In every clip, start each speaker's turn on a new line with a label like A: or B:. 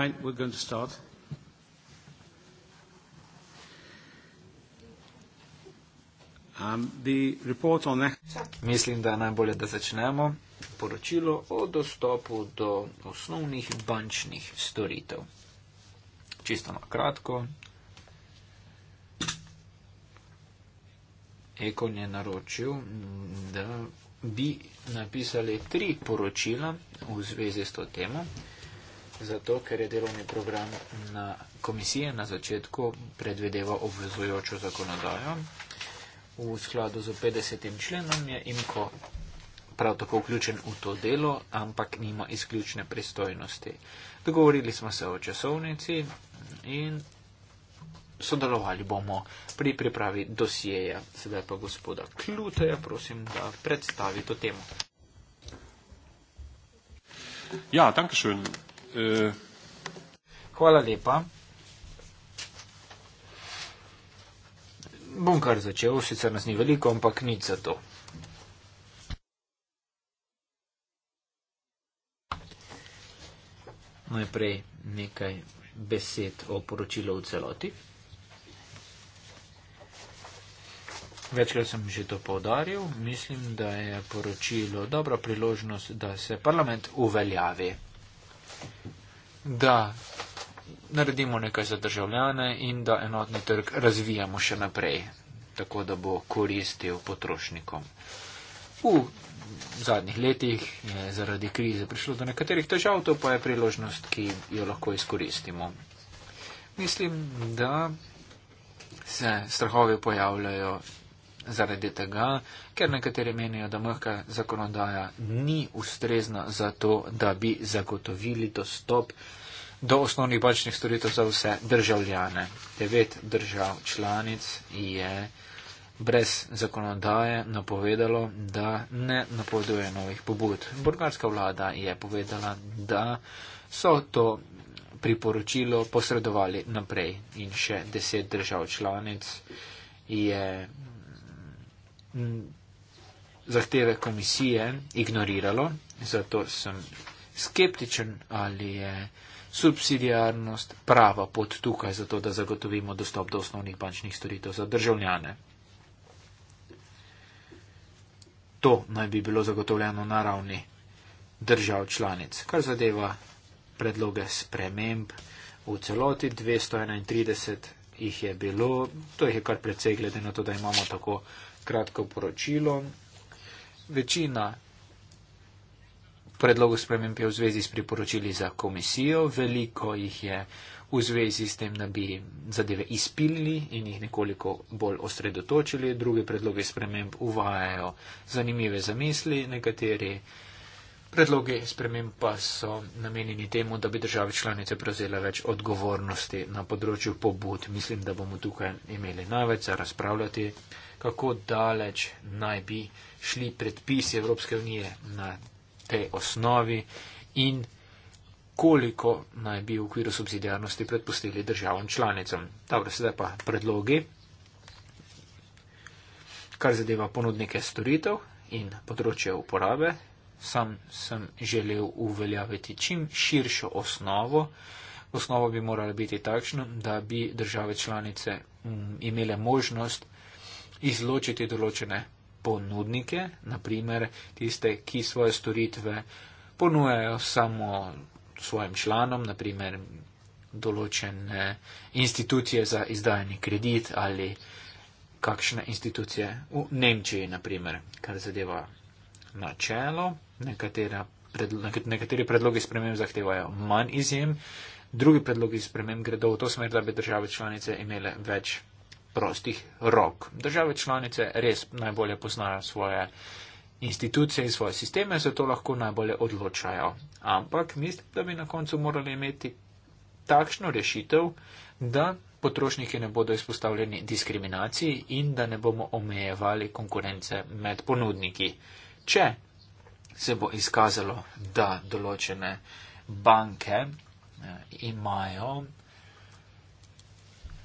A: Fine, we're going to start. Um, the report on that. Mislim, da je najbolje, da začnemo poročilo o dostopu do osnovnih bančnih storitev. Čisto na kratko. Ekon je naročil, da bi napisali tri poročila v zvezi s to temo zato ker je delovni program na komisije na začetku predvideval obvezujočo zakonodajo. V skladu z 50. členom je IMKO prav tako vključen v to delo, ampak nima izključne pristojnosti. Dogovorili smo se o časovnici in sodelovali bomo pri pripravi dosjeja. Sedaj pa gospoda Kluteja prosim, da predstavi to temo. Ja, danke schön. Eh, hvala lepa. Bom kar začel, sicer nas ni veliko, ampak nič za to. Najprej nekaj besed o poročilu v celoti. Večkrat sem že to povdaril, mislim, da je poročilo dobra priložnost, da se parlament uveljavi da naredimo nekaj za državljane in da enotni trg razvijamo še naprej, tako da bo koristil potrošnikom. U. V zadnjih letih je zaradi krize prišlo do nekaterih težav, to pa je priložnost, ki jo lahko izkoristimo. Mislim, da se strahovi pojavljajo zaradi tega, ker nekateri menijo, da mrka zakonodaja ni ustrezna za to, da bi zagotovili dostop do osnovnih bančnih storitev za vse državljane. Devet držav članic je brez zakonodaje napovedalo, da ne napoveduje novih pobud. Bolgarska vlada je povedala, da so to priporočilo posredovali naprej in še deset držav članic je mm, zahteve komisije ignoriralo, zato sem skeptičen, ali je uh, subsidiarnost prava pot tukaj, zato da zagotovimo dostop do osnovnih bančnih storitev za državljane. To naj bi bilo zagotovljeno na ravni držav članic. Kar zadeva predloge sprememb v celoti, 231 jih je bilo, to jih je kar precej glede na to, da imamo tako kratko poročilo. Večina predlogu sprememb je v zvezi s priporočili za komisijo, veliko jih je v zvezi s tem, da bi zadeve izpilili in jih nekoliko bolj osredotočili. Drugi predlogi sprememb uvajajo zanimive zamisli, nekateri predlogi sprememb pa so namenjeni temu, da bi države članice prevzela več odgovornosti na področju pobud. Mislim, da bomo tukaj imeli največ za razpravljati, kako daleč naj bi šli predpisi Evropske unije na tej osnovi in koliko naj bi v okviru subsidijarnosti predpustili državam članicam. Dobro, sedaj pa predlogi, kar zadeva ponudnike storitev in področje uporabe. Sam sem želel uveljaviti čim širšo osnovo. Osnova bi morala biti takšna, da bi države članice mm, imele možnost izločiti določene ponudnike, naprimer tiste, ki svoje storitve ponujajo samo svojim članom, naprimer določene institucije za izdajanje kredit ali kakšne institucije v Nemčiji, naprimer, kar zadeva načelo. Predlo nekateri predlogi sprememb zahtevajo manj izjem, drugi predlogi sprememb gredo v to smer, da bi države članice imele več prostih rok. Države članice res najbolje poznajo svoje institucije in svoje sisteme, zato lahko najbolje odločajo. Ampak mislim, da bi na koncu morali imeti takšno rešitev, da potrošniki ne bodo izpostavljeni diskriminaciji in da ne bomo omejevali konkurence med ponudniki. Če se bo izkazalo, da določene banke eh, imajo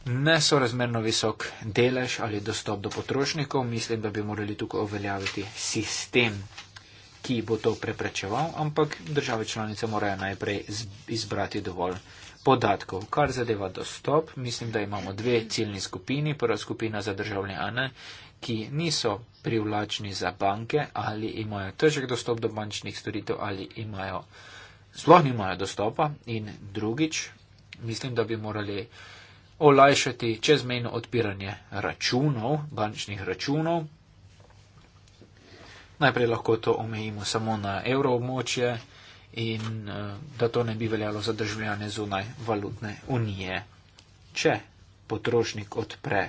A: nesorazmerno visok delež ali dostop do potrošnikov. Mislim, da bi morali tukaj uveljaviti sistem, ki bo to preprečeval, ampak države članice morajo najprej izbrati dovolj podatkov. Kar zadeva dostop, mislim, da imamo dve ciljni skupini. Prva skupina za državljane, ki niso privlačni za banke ali imajo težek dostop do bančnih storitev ali imajo. Sploh nimajo dostopa in drugič, mislim, da bi morali uh, olajšati čezmejno odpiranje računov, bančnih računov. Najprej lahko to omejimo samo na evroobmočje in eh, da to ne bi veljalo za državljane zunaj valutne unije. Če potrošnik odpre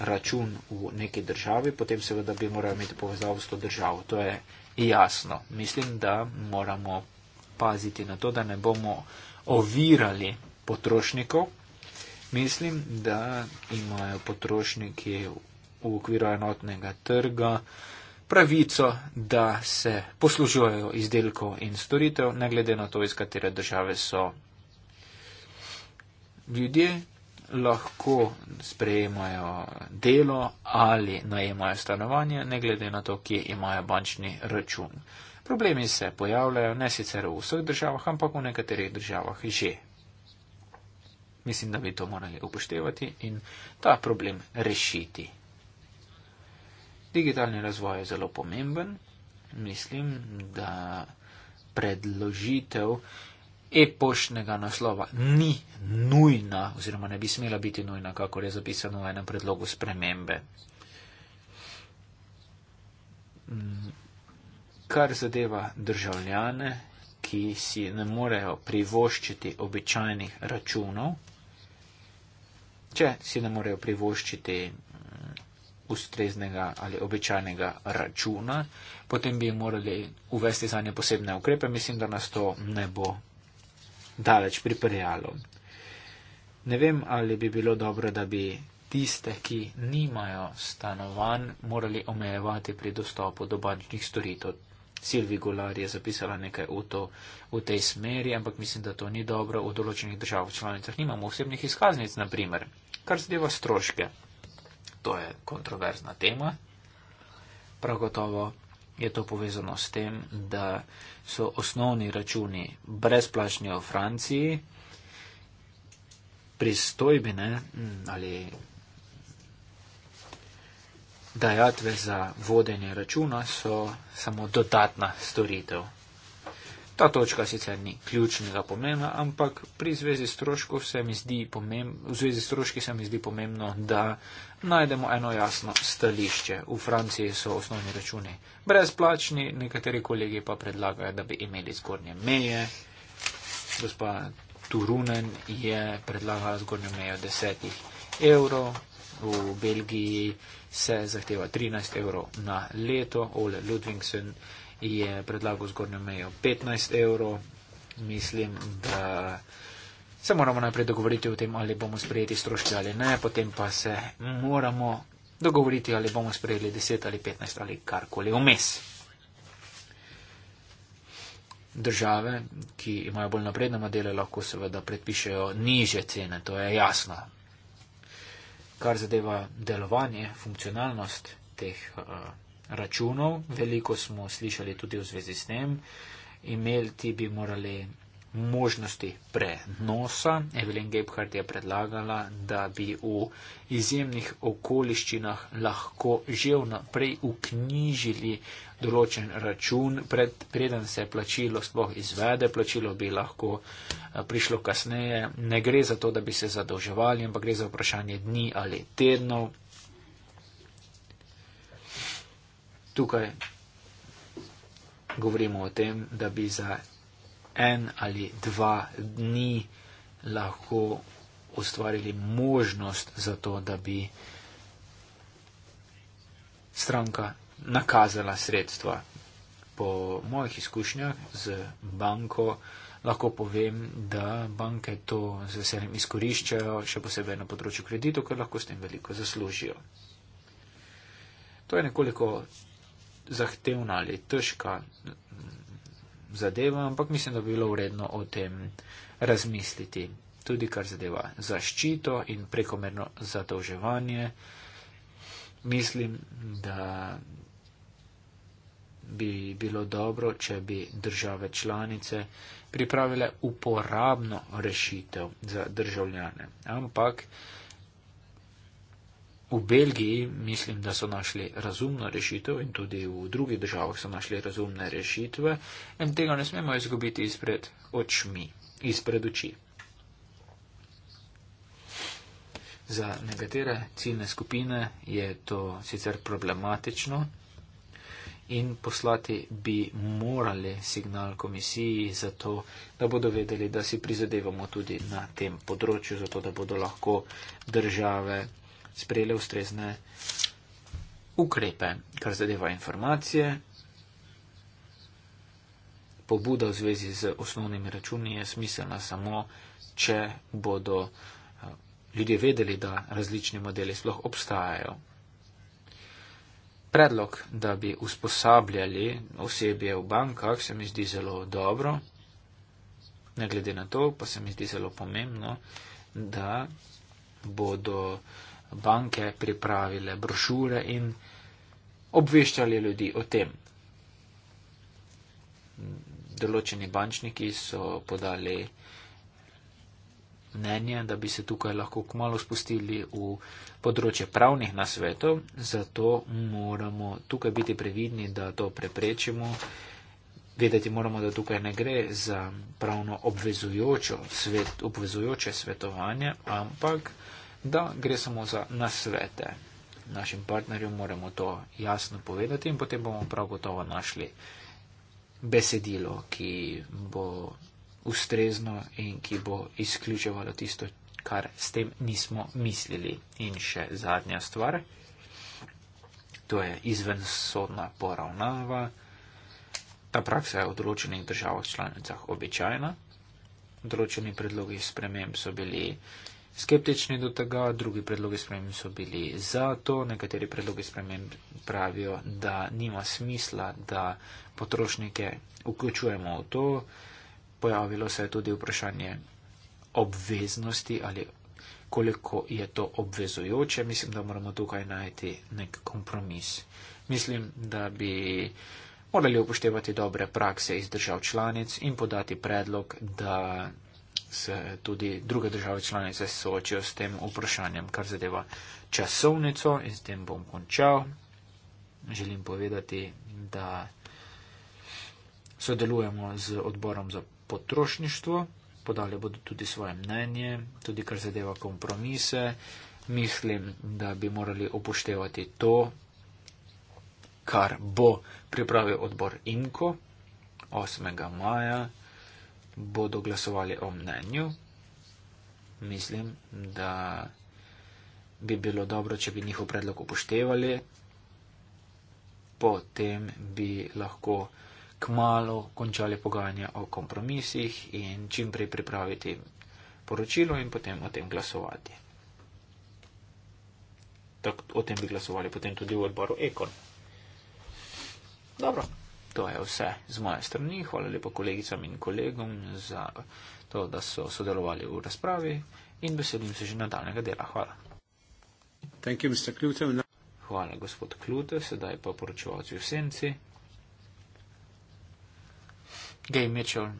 A: račun v neki državi, potem seveda bi moral imeti povezavo s to državo. To je jasno. Mislim, da moramo paziti na to, da ne bomo ovirali potrošnikov Mislim, da imajo potrošniki v okviru enotnega trga pravico, da se poslužujejo izdelkov in storitev, ne glede na to, iz katere države so. Ljudje lahko sprejemajo delo ali najemajo stanovanje, ne glede na to, kje imajo bančni račun. Problemi se pojavljajo ne sicer v vseh državah, ampak v nekaterih državah že. Mislim, da bi to morali upoštevati in ta problem rešiti. Digitalni razvoj je zelo pomemben. Mislim, da predložitev e-poštnega naslova ni nujna oziroma ne bi smela biti nujna, kako je zapisano v enem predlogu spremembe. Kar zadeva državljane, ki si ne morejo privoščiti običajnih računov, če si ne morejo privoščiti mm, ustreznega ali običajnega računa, potem bi morali uvesti za nje posebne ukrepe. Mislim, da nas to ne bo daleč pripeljalo. Ne vem, ali bi bilo dobro, da bi tiste, ki nimajo stanovanj, morali omejevati pri dostopu do bančnih storitev. Silvi Golar je zapisala nekaj v, to, v tej smeri, ampak mislim, da to ni dobro v določenih držav članicah. Nimamo osebnih izkaznic, na primer, kar zadeva stroške. To je kontroverzna tema. Prav gotovo je to povezano s tem, da so osnovni računi brezplačni v Franciji, pristojbine ali dajatve za vodenje računa so samo dodatna storitev. Ta točka sicer ni ključnega pomena, ampak pri zvezi s stroškov se mi zdi, pomemb stroški se mi zdi pomembno, da najdemo eno jasno stališče. V Franciji so osnovni računi brezplačni, nekateri kolegi pa predlagajo, da bi imeli zgornje meje. Gospa Turunen je predlagala zgornjo mejo 10 evrov, v Belgiji se zahteva 13 evrov na leto. Ole Ludvigsen je predlagal zgornjo mejo 15 evrov. Mislim, da se moramo najprej dogovoriti o tem, ali bomo sprejeti stroške ali ne, potem pa se moramo dogovoriti, ali bomo sprejeli 10 ali 15 ali karkoli vmes. Države, ki imajo bolj napredne modele, lahko seveda predpišejo niže cene, to je jasno kar zadeva delovanje, funkcionalnost teh eh, računov. Veliko smo slišali tudi v zvezi s tem. Imeli ti bi morali možnosti prenosa. Evelyn Gebhardt je predlagala, da bi v izjemnih okoliščinah lahko že vnaprej uknjižili določen račun, pred, preden se plačilo sploh izvede, plačilo bi lahko eh, prišlo kasneje. Ne gre za to, da bi se zadolževali, ampak gre za vprašanje dni ali tednov. Tukaj govorimo o tem, da bi za en ali dva dni lahko ustvarili možnost za to, da bi stranka nakazala sredstva. Po mojih izkušnjah z banko lahko povem, da banke to z veseljem izkoriščajo, še posebej na področju kreditov, ker lahko s tem veliko zaslužijo. To je nekoliko zahtevna ali težka zadeva, ampak mislim, da bi bilo vredno o tem razmisliti. Tudi kar zadeva zaščito in prekomerno zadolževanje, mislim, da bi bilo dobro, če bi države članice pripravile uporabno rešitev za državljane. Ampak V Belgiji mislim, da so našli razumno rešitev in tudi v drugih državah so našli razumne rešitve in tega ne smemo izgubiti izpred očmi, izpred oči. Za nekatere ciljne skupine je to sicer problematično in poslati bi morali signal komisiji za to, da bodo vedeli, da si prizadevamo tudi na tem področju, zato da bodo lahko države sprejele ustrezne ukrepe, kar zadeva informacije. Pobuda v zvezi z osnovnimi računi je smiselna samo, če bodo eh, ljudje vedeli, da različni modeli sploh obstajajo. Predlog, da bi usposabljali osebje v bankah, se mi zdi zelo dobro. Ne glede na to, pa se mi zdi zelo pomembno, da bodo banke pripravile brošure in obveščali ljudi o tem. Določeni bančniki so podali mnenje, da bi se tukaj lahko kmalo spustili v področje pravnih nasvetov, zato moramo tukaj biti previdni, da to preprečimo. Vedeti moramo, da tukaj ne gre za pravno obvezujoče svet, svetovanje, ampak da gre samo za nasvete. Našim partnerjem moramo to jasno povedati in potem bomo prav gotovo našli besedilo, ki bo ustrezno in ki bo izključevalo tisto, kar s tem nismo mislili. In še zadnja stvar, to je izvensodna poravnava. Ta praksa je v določenih državah članicah običajna. Določeni predlogi sprememb so bili skeptični do tega, drugi predlogi sprememb so bili za to, nekateri predlogi sprememb pravijo, da nima smisla, da potrošnike vključujemo v to. Pojavilo se je tudi vprašanje obveznosti ali koliko je to obvezujoče. Mislim, da moramo tukaj najti nek kompromis. Mislim, da bi morali upoštevati dobre prakse iz držav članic in podati predlog, da se tudi druge države članice soočijo s tem vprašanjem, kar zadeva časovnico in s tem bom končal. Želim povedati, da sodelujemo z odborom za potrošništvo, podali bodo tudi svoje mnenje, tudi kar zadeva kompromise. Mislim, da bi morali upoštevati to, kar bo pripravil odbor Inko 8. maja bodo glasovali o mnenju. Mislim, da bi bilo dobro, če bi njihov predlog upoštevali. Potem bi lahko k malu končali pogajanja o kompromisih in čim prej pripraviti poročilo in potem o tem glasovati. Tak, o tem bi glasovali potem tudi v odboru Ekon. Dobro. To je vse z moje strani. Hvala lepa kolegicam in kolegom za to, da so sodelovali v razpravi in veselim se že nadaljnega dela. Hvala. You, Hvala, gospod Klute. Sedaj pa poročevalci v senci. Gay Mitchell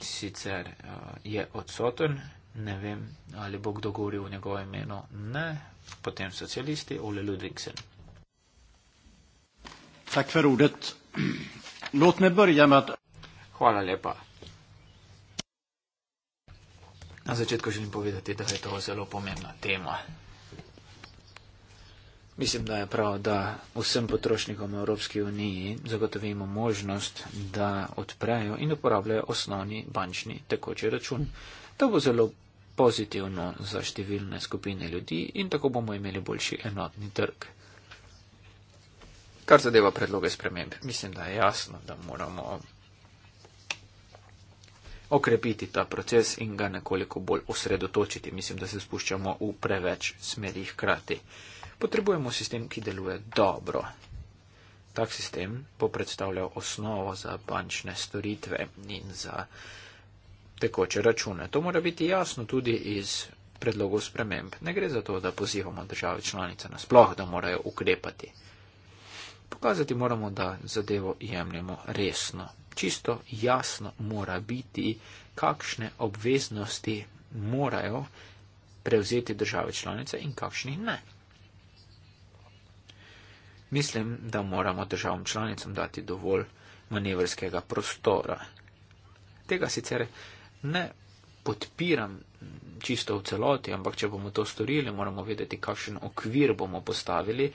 A: sicer uh, je odsoten. Ne vem, ali bo kdo govoril v njegovo imeno. Ne. Potem socialisti Ole Ludvigsen. Tak for ordet. Låt mig börja med att... Hvala lepa. Na začetku želim povedati, da je to zelo pomembna tema. Mislim, da je prav, da vsem potrošnikom Evropske unije zagotovimo možnost, da odprejo in uporabljajo osnovni bančni tekoči račun. To bo zelo pozitivno za številne skupine ljudi in tako bomo imeli boljši enotni trg. Kar zadeva predloge sprememb, mislim, da je jasno, da moramo okrepiti ta proces in ga nekoliko bolj osredotočiti. Mislim, da se spuščamo v preveč smerih krati. Potrebujemo sistem, ki deluje dobro. Tak sistem bo predstavljal osnovo za bančne storitve in za tekoče račune. To mora biti jasno tudi iz predlogov sprememb. Ne gre za to, da pozivamo države članice nasploh, da morajo ukrepati. Pokazati moramo, da zadevo jemljemo resno. Čisto jasno mora biti, kakšne obveznosti morajo prevzeti države članice in kakšnih ne. Mislim, da moramo državam članicam dati dovolj manevrskega prostora. Tega sicer ne podpiram čisto v celoti, ampak če bomo to storili, moramo vedeti, kakšen okvir bomo postavili.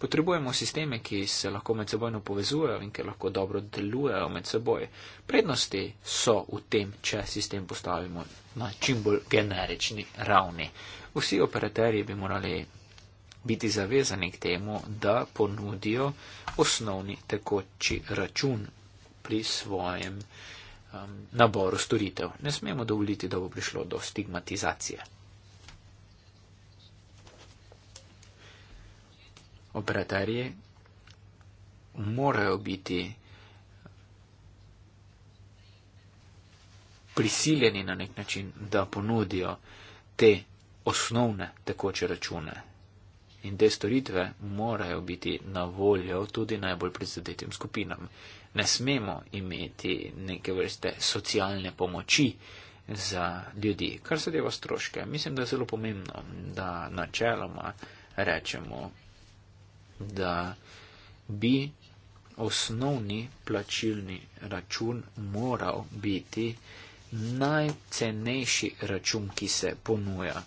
A: Potrebujemo sisteme, ki se lahko med seboj povezujejo in ki lahko dobro delujejo med seboj. Prednosti so v tem, če sistem postavimo na čim bolj generični ravni. Vsi operaterji bi morali biti zavezani k temu, da ponudijo osnovni tekoči račun pri svojem um, naboru storitev. Ne smemo dovoliti, da bo prišlo do stigmatizacije. Operatarji morajo biti prisiljeni na nek način, da ponudijo te osnovne tekoče račune. In te storitve morajo biti na voljo tudi najbolj prizadetim skupinam ne smemo imeti neke vrste socialne pomoči za ljudi, kar se deva stroške. Mislim, da je zelo pomembno, da načeloma rečemo, da bi osnovni plačilni račun moral biti najcenejši račun, ki se ponuja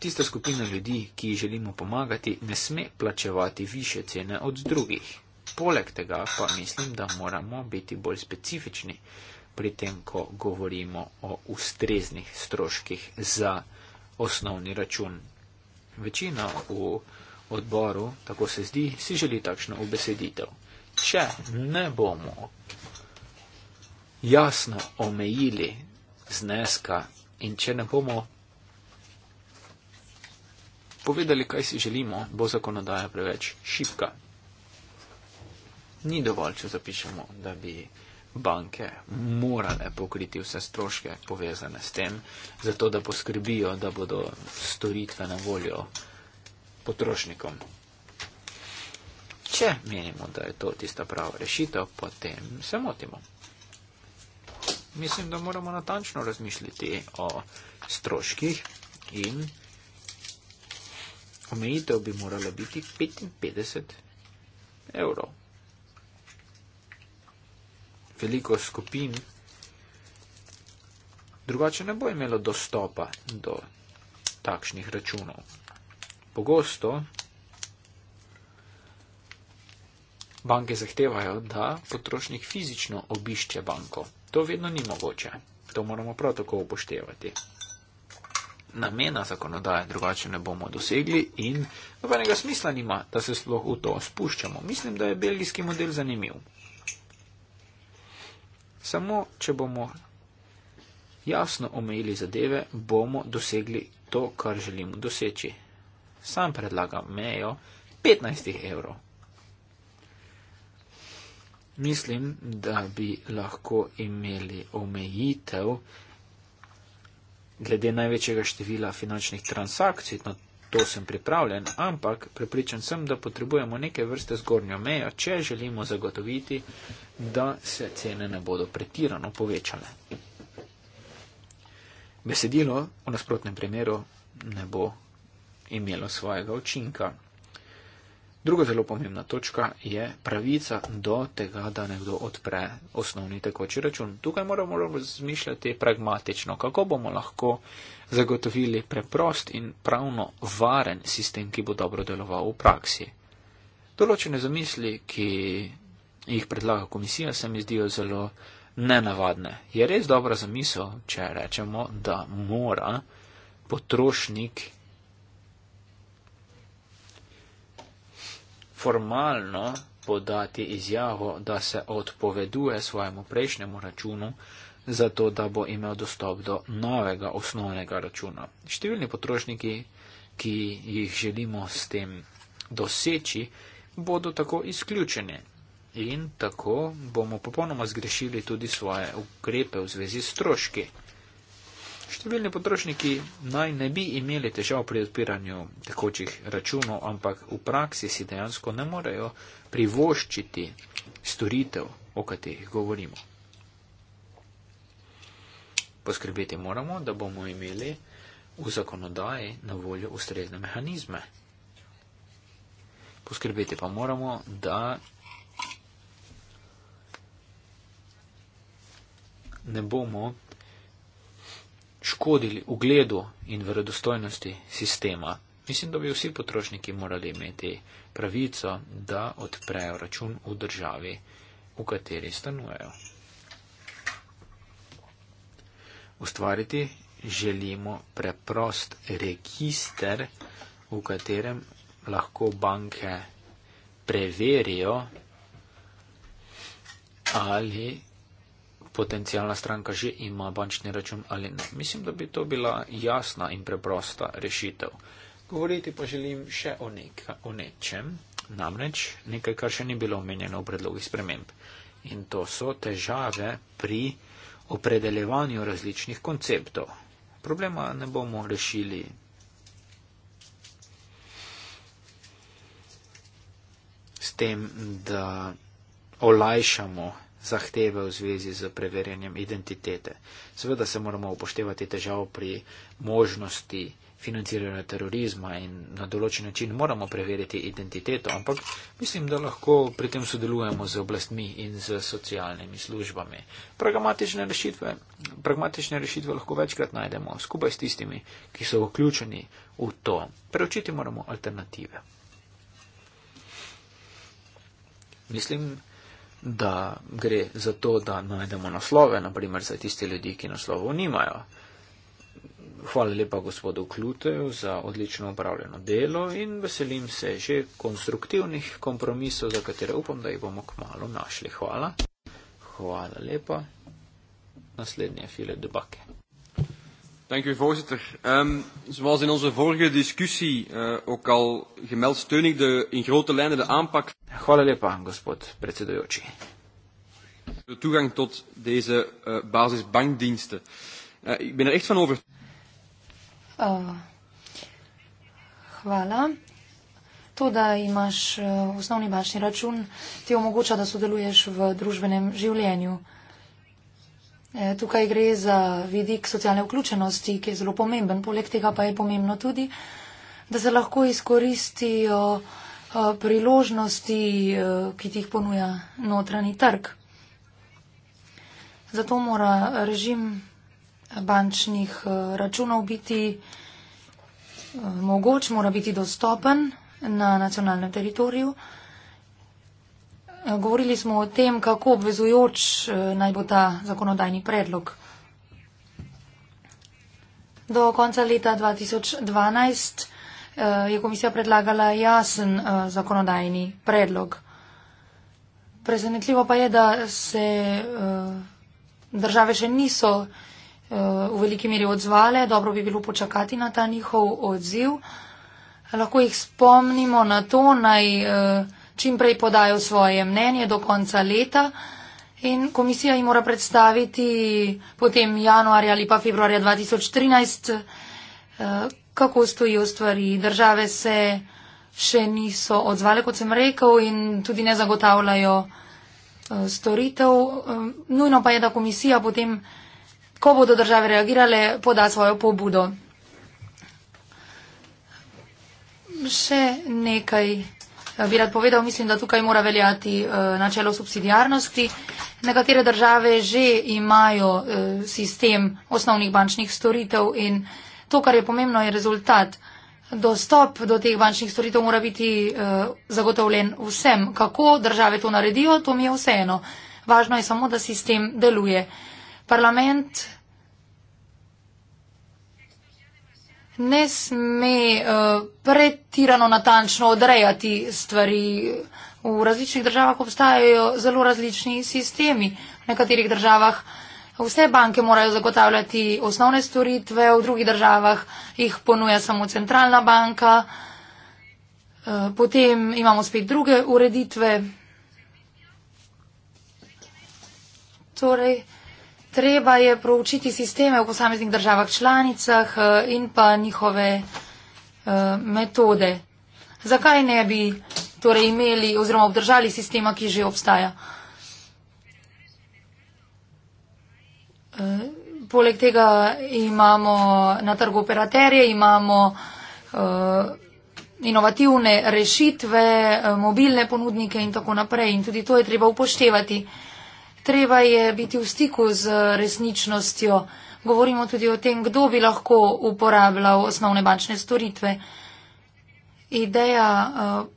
A: Tista skupina ljudi, ki ji želimo pomagati, ne sme plačevati više cene od drugih. Poleg tega pa mislim, da moramo biti bolj specifični pri tem, ko govorimo o ustreznih stroških za osnovni račun. Večina v odboru, tako se zdi, si želi takšno obeseditev. Če ne bomo jasno omejili zneska in če ne bomo povedali, kaj si želimo, bo zakonodaja preveč šipka. Ni dovolj, če zapišemo, da bi banke morale pokriti vse stroške povezane s tem, zato da poskrbijo, da bodo storitve na voljo potrošnikom. Če menimo, da je to tista prava rešitev, potem se motimo. Mislim, da moramo natančno razmišljati o stroških in omejitev bi morala biti 55 evrov. Veliko skupin drugače ne bo imelo dostopa do takšnih računov. Pogosto banke zahtevajo, da potrošnik fizično obišče banko. To vedno ni mogoče. To moramo prav tako upoštevati namena zakonodaje, drugače ne bomo dosegli in nobenega smisla nima, da se sploh v to spuščamo. Mislim, da je belgijski model zanimiv. Samo, če bomo jasno omejili zadeve, bomo dosegli to, kar želimo doseči. Sam predlagam mejo 15 evrov. Mislim, da bi lahko imeli omejitev glede največjega števila finančnih transakcij, no to sem pripravljen, ampak prepričan sem, da potrebujemo neke vrste zgornjo mejo, če želimo zagotoviti, da se cene ne bodo pretirano povečale. Besedilo v nasprotnem primeru ne bo imelo svojega učinka. Druga zelo pomembna točka je pravica do tega, da nekdo odpre osnovni tekoči račun. Tukaj moramo razmišljati pragmatično, kako bomo lahko zagotovili preprost in pravno varen sistem, ki bo dobro deloval v praksi. Določene zamisli, ki jih predlaga komisija, se mi zdijo zelo nenavadne. Je res dobra zamisel, če rečemo, da mora potrošnik formalno podati izjavo, da se odpoveduje svojemu prejšnjemu računu, zato da bo imel dostop do novega osnovnega računa. Številni potrošniki, ki jih želimo s tem doseči, bodo tako izključeni. In tako bomo popolnoma zgrešili tudi svoje ukrepe v zvezi s stroški. Številni potrošniki naj ne bi imeli težav pri odpiranju tekočih računov, ampak v praksi si dejansko ne morejo privoščiti storitev, o katerih govorimo. Poskrbeti moramo, da bomo imeli v zakonodaji na voljo ustrezne mehanizme. Poskrbeti pa moramo, da ne bomo škodili ugledu in verodostojnosti sistema. Mislim, da bi vsi potrošniki morali imeti pravico, da odprejo račun v državi, v kateri stanujejo. Ustvariti želimo preprost register, v katerem lahko banke preverijo, ali potencijalna stranka že ima bančni račun ali ne. Mislim, da bi to bila jasna in preprosta rešitev. Govoriti pa želim še o, neka, o nečem, namreč nekaj, kar še ni bilo omenjeno v predlogih sprememb. In to so težave pri opredeljevanju različnih konceptov. Problema ne bomo rešili. S tem, da olajšamo zahteve v zvezi z preverjanjem identitete. Seveda se moramo upoštevati težav pri možnosti financiranja terorizma in na določen način moramo preveriti identiteto, ampak mislim, da lahko pri tem sodelujemo z oblastmi in z socialnimi službami. Pragmatične rešitve, pragmatične rešitve lahko večkrat najdemo skupaj s tistimi, ki so vključeni v to. Preučiti moramo alternative. Mislim, da gre za to, da najdemo naslove, naprimer za tiste ljudi, ki naslovov nimajo. Hvala lepa gospodu Kluteju za odlično upravljeno delo in veselim se že konstruktivnih kompromisov, za katere upam, da jih bomo kmalo našli. Hvala. Hvala lepa. Naslednje file debake. Dank u voorzitter. Um, zoals in onze vorige discussie uh, ook al gemeld, steun ik de, in grote lijnen de aanpak. Hvala lepa, gospod predsedujoči. De toegang tot deze uh, basisbankdiensten. Uh, ik ben er echt van over.
B: Uh, hvala. To, da imaš uh, osnovni bančni račun, ti omogoča, da sodeluješ v družbenem življenju. Uh, E, tukaj gre za vidik socialne vključenosti, ki je zelo pomemben. Poleg tega pa je pomembno tudi, da se lahko izkoristijo e, priložnosti, e, ki ti jih ponuja notranji trg. Zato mora režim bančnih računov biti mogoč, mora biti dostopen na nacionalnem teritoriju. Govorili smo o tem, kako obvezujoč eh, naj bo ta zakonodajni predlog. Do konca leta 2012 eh, je komisija predlagala jasen eh, zakonodajni predlog. Presenetljivo pa je, da se države še niso v veliki meri odzvale. Dobro bi bilo počakati na ta njihov odziv. Lahko jih spomnimo na to, naj. Uh, čim prej podajo svoje mnenje do konca leta in komisija jim mora predstaviti potem januarja ali pa februarja 2013, eh, kako stojijo stvari. Države se še niso odzvale, kot sem rekel, in tudi ne zagotavljajo eh, storitev. Eh, nujno pa je, da komisija potem, ko bodo države reagirale, poda svojo pobudo. Še nekaj. Eh, bi rad povedal, mislim, da tukaj mora veljati eh, načelo subsidijarnosti. Nekatere države že imajo eh, sistem osnovnih bančnih storitev in to, kar je pomembno, je rezultat. Dostop do teh bančnih storitev mora biti zagotovljen vsem. Kako države to naredijo, to mi je vseeno. Važno je samo, da sistem deluje. Parlament ne sme uh, pretirano natančno odrejati stvari. V različnih državah obstajajo zelo različni sistemi. V nekaterih državah vse banke morajo zagotavljati osnovne storitve, v drugih državah jih ponuja samo centralna banka. Eh, potem imamo spet druge ureditve. Torej, treba je proučiti sisteme v posameznih državah članicah eh, in pa njihove eh, metode. Zakaj ne bi torej imeli oziroma obdržali sistema, ki že obstaja? Eh, poleg tega imamo na trgu operaterje, imamo inovativne rešitve, mobilne ponudnike in tako naprej. In tudi to je treba upoštevati treba je biti v stiku z resničnostjo. Govorimo tudi o tem, kdo bi lahko uporabljal osnovne bančne storitve. Ideja eh,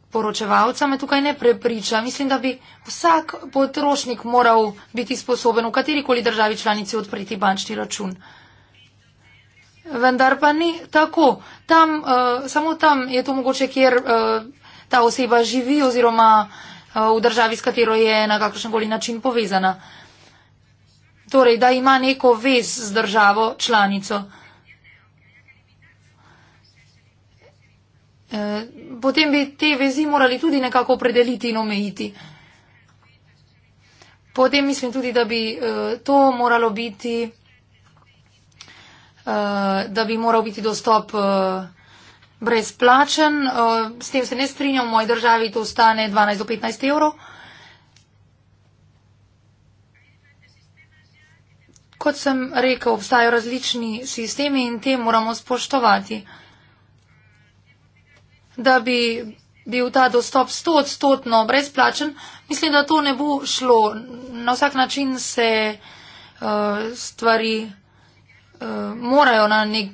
B: poročevalca me tukaj ne prepriča. Mislim, da bi vsak potrošnik moral biti sposoben v katerikoli državi članici odpriti bančni račun. Vendar pa ni tako. Tam, uh, samo tam je to mogoče, kjer uh, ta oseba živi oziroma uh, v državi, s katero je na kakršen koli način povezana. Torej, da ima neko vez z državo članico. E, potem bi te vezi morali tudi nekako opredeliti in omejiti. Potem mislim tudi, da bi e, to moralo biti, e, da bi moral biti dostop brezplačen. Eh, s tem se ne strinjam, v moji državi to stane 12 do 15 evrov. Kot sem rekel, obstajajo različni sistemi in te moramo spoštovati. Da bi bil ta dostop 100 odstotno brezplačen, mislim, da to ne bo šlo. Na vsak način se uh, stvari uh, morajo na nek.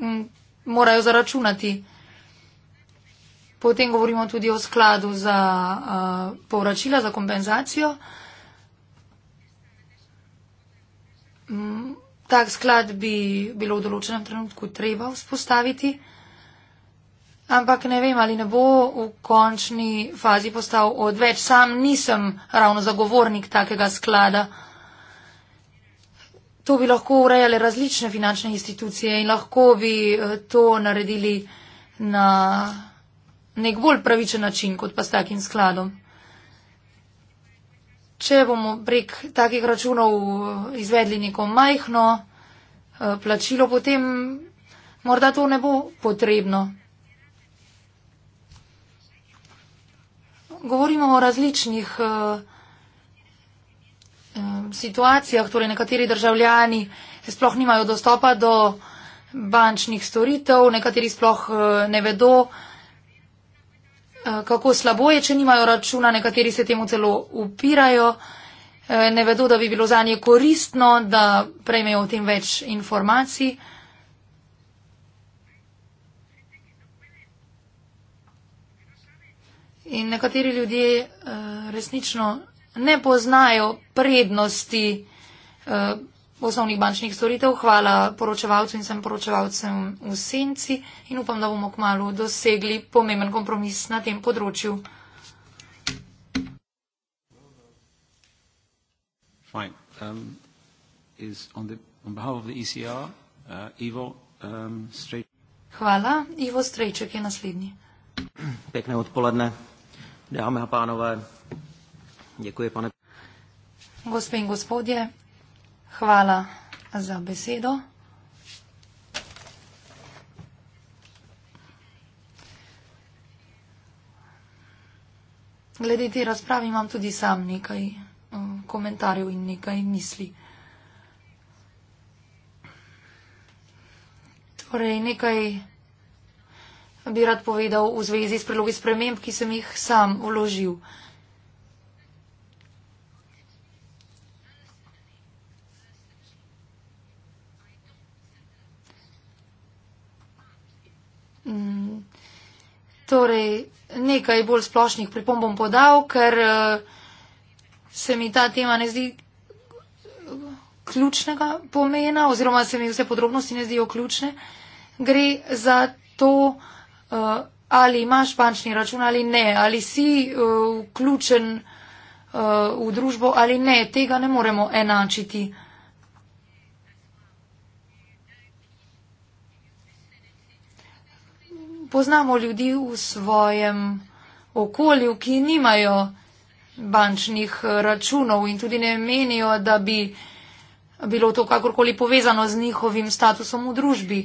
B: Um, morajo zaračunati. Potem govorimo tudi o skladu za uh, povračila, za kompenzacijo. Mm, tak sklad bi bilo v določenem trenutku treba vzpostaviti, ampak ne vem, ali ne bo v končni fazi postal odveč. Sam nisem ravno zagovornik takega sklada. Uh, to bi lahko urejale različne finančne institucije in lahko bi eh, to naredili na nek bolj pravičen način, kot pa s takim skladom. Če bomo prek takih računov eh, izvedli neko majhno eh, plačilo, potem morda to ne bo potrebno. Govorimo o različnih uh, Um, situacijah, torej nekateri državljani sploh nimajo dostopa do bančnih storitev, nekateri sploh uh, ne vedo, uh, kako slabo je, če nimajo računa, nekateri se temu celo upirajo, uh, ne vedo, da bi bilo za nje koristno, da prejmejo o tem več informacij. In nekateri ljudje resnično ne poznajo prednosti eh, osnovnih bančnih storitev. Hvala poročevalcu in sem poročevalcem v senci in upam, da bomo kmalo dosegli pomemben kompromis na tem področju.
A: Um, e uh, um,
B: Hvala. Ivo Strejček je naslednji.
A: Pekné odpoledne, dámy a pánové. Děkuji, pane.
B: Gospe in gospodje, hvala za besedo. Glede te razprave imam tudi sam nekaj eh, komentarjev in nekaj misli. Torej, nekaj bi rad povedal v zvezi s prilogi sprememb, ki sem jih sam vložil. Mm, torej, nekaj bolj splošnih pripomb bom podal, ker uh, se mi ta tema ne zdi eh, ključnega pomena oziroma se mi vse podrobnosti ne zdijo ključne. Gre za to, uh, ali imaš bančni račun ali ne, ali si uh, vključen uh, v družbo ali ne. Tega ne moremo enačiti. Uh, poznamo ljudi v svojem okolju, ki nimajo bančnih računov in tudi ne menijo, da bi bilo to kakorkoli povezano z njihovim statusom v družbi.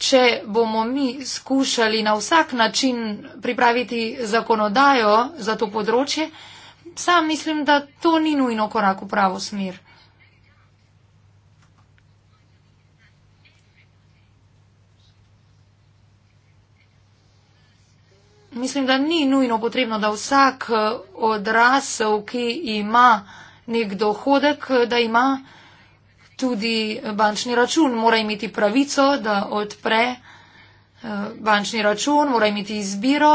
B: Če bomo mi skušali na vsak način pripraviti zakonodajo za to področje, sam mislim, da to ni nujno korak v pravo smer. mislim, da ni nujno potrebno, da vsak eh, odrasel, ki ima nek dohodek, eh, da ima tudi bančni račun, mora imeti pravico, da odpre eh, bančni račun, mora imeti izbiro.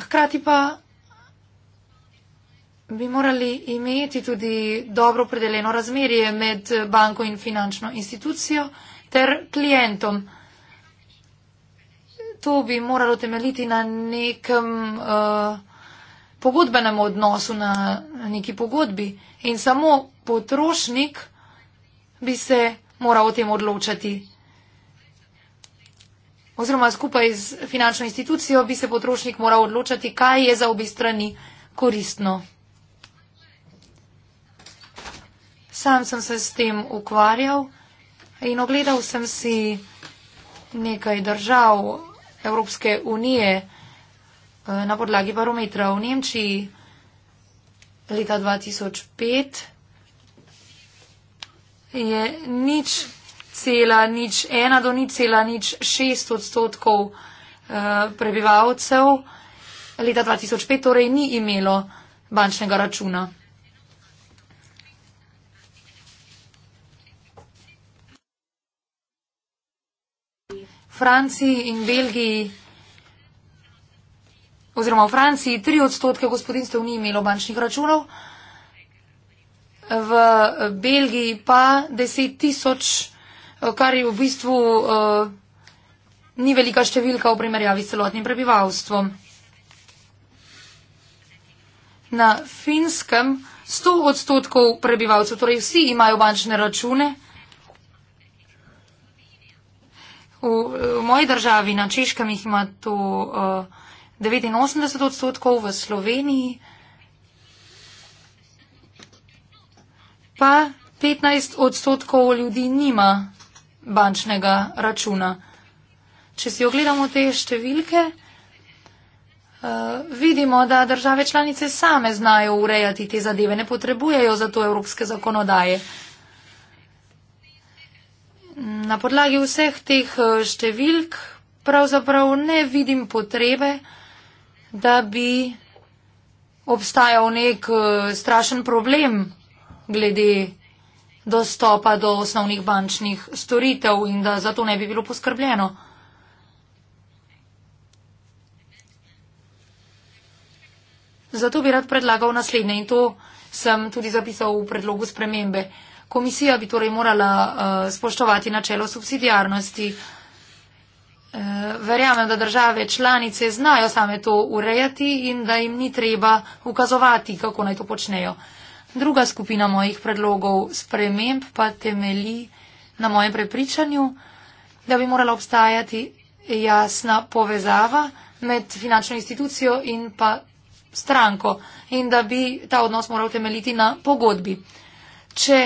B: Hkrati pa bi morali imeti tudi dobro predeljeno razmerje med banko in finančno institucijo ter klientom to bi moralo temeljiti na nekem uh, pogodbenem odnosu, na neki pogodbi. In samo potrošnik bi se moral o tem odločati. Oziroma skupaj z finančno institucijo bi se potrošnik moral odločati, kaj je za obi strani koristno. Sam sem se s tem ukvarjal in ogledal sem si nekaj držav Evropske unije eh, na podlagi barometra v Nemčiji leta 2005 je nič cela, nič ena do nič cela, nič šest odstotkov eh, prebivalcev leta 2005 torej ni imelo bančnega računa. Franciji in Belgiji, oziroma v Franciji, tri odstotke gospodinstev ni imelo bančnih računov, v Belgiji pa deset tisoč, kar je v bistvu uh, ni velika številka v primerjavi s celotnim prebivalstvom. Na finskem sto odstotkov prebivalcev, torej vsi imajo bančne račune, v, v moji državi na Češkem jih ima to uh, eh, 89 odstotkov, v Sloveniji pa 15 odstotkov ljudi nima bančnega računa. Če si ogledamo te številke, uh, vidimo, da države članice same znajo urejati te zadeve, ne potrebujejo za to evropske zakonodaje na podlagi vseh teh eh, številk pravzaprav ne vidim potrebe, da bi obstajal nek eh, strašen problem glede dostopa do osnovnih bančnih storitev in da za to ne bi bilo poskrbljeno. Zato bi rad predlagal naslednje in to sem tudi zapisal v predlogu spremembe. Komisija bi torej morala uh, spoštovati načelo subsidijarnosti. Eh, verjamem, da države članice znajo same to urejati in da jim ni treba ukazovati, kako naj to počnejo. Druga skupina mojih predlogov sprememb pa temeli na mojem prepričanju, da bi morala obstajati jasna povezava med finančno institucijo in pa stranko in da bi ta odnos moral temeliti na pogodbi. Če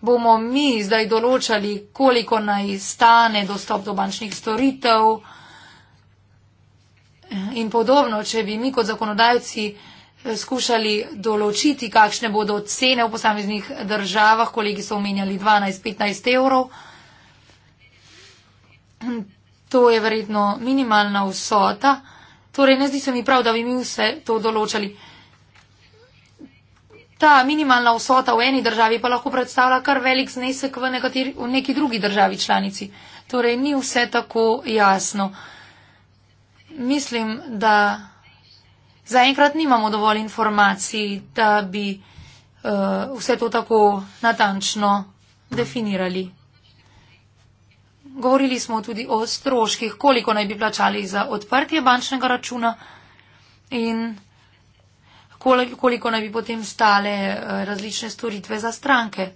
B: bomo mi zdaj določali, koliko naj stane dostop do bančnih storitev in podobno, če bi mi kot zakonodajci eh, skušali določiti, kakšne bodo cene v posameznih državah, kolegi so omenjali 12-15 evrov. To je verjetno minimalna vsota. Torej, ne zdi se mi prav, da bi mi vse to določali ta minimalna vsota v eni državi pa lahko predstavlja kar velik znesek v, nekateri, v neki drugi državi članici. Torej, ni vse tako jasno. Mislim, da zaenkrat nimamo dovolj informacij, da bi uh, vse to tako natančno definirali. Govorili smo tudi o stroških, koliko naj bi plačali za odprtje bančnega računa in koliko naj bi potem stale eh, različne storitve za stranke.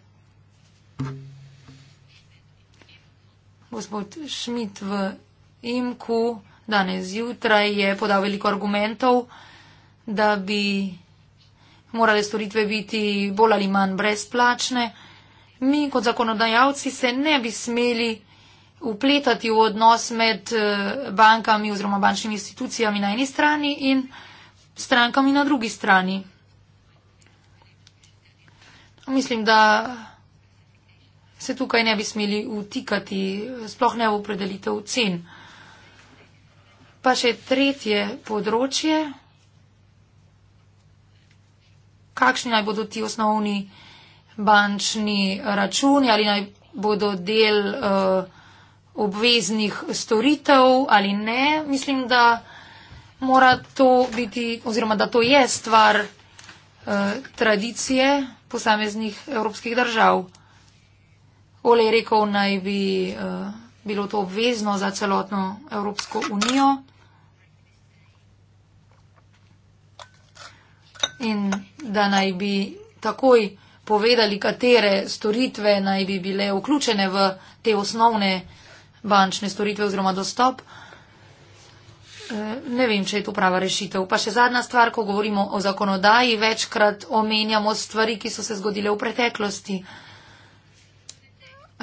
B: Gospod Šmit v Imku danes zjutraj je podal veliko argumentov, da bi morale storitve biti bolj ali manj brezplačne. Mi kot zakonodajalci se ne bi smeli upletati v odnos med eh, bankami oziroma bančnimi institucijami na eni strani in strankami na drugi strani. No, mislim, da se tukaj ne bi smeli utikati, sploh ne v opredelitev cen. Pa še tretje področje. Kakšni naj bodo ti osnovni bančni računi ali naj bodo del uh, obveznih storitev ali ne. Mislim, da mora to biti, oziroma da to je stvar uh, tradicije posameznih evropskih držav. Olej rekel, naj bi uh, bilo to obvezno za celotno Evropsko unijo. In da naj bi takoj povedali, katere storitve naj bi bile vključene v te osnovne bančne storitve oziroma dostop. Uh, Ne vem, če je to prava rešitev. Pa še zadnja stvar, ko govorimo o zakonodaji, večkrat omenjamo stvari, ki so se zgodile v preteklosti.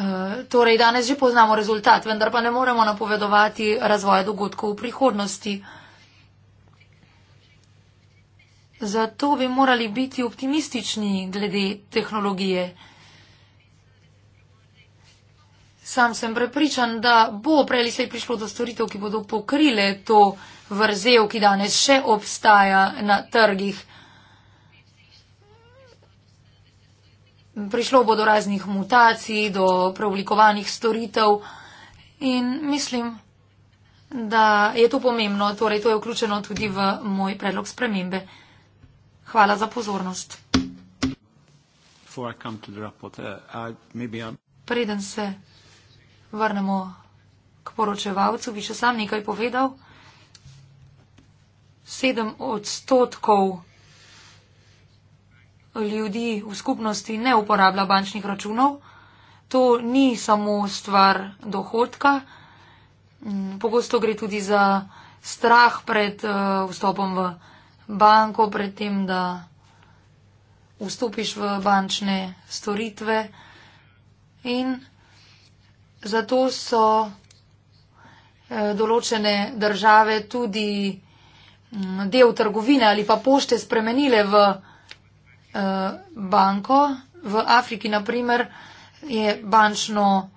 B: Eh, torej, danes že poznamo rezultat, vendar pa ne moremo napovedovati razvoja dogodkov v prihodnosti. Zato bi morali biti optimistični glede tehnologije sam sem prepričan, da bo prej ali slej prišlo do storitev, ki bodo pokrile to vrzel, ki danes še obstaja na trgih. Prišlo bo do raznih mutacij, do preoblikovanih storitev in mislim, da je to pomembno. Torej, to je vključeno tudi v moj predlog spremembe. Hvala za pozornost. Preden se vrnemo k poročevalcu, bi še sam nekaj povedal. Sedem odstotkov ljudi v skupnosti ne uporablja bančnih računov. To ni samo stvar dohodka. Mm, pogosto gre tudi za strah pred eh, vstopom v banko, pred tem, da vstopiš v bančne storitve. In Zato so eh, določene države tudi mm, del trgovine ali pa pošte spremenile v eh, banko. V Afriki, naprimer, je bančno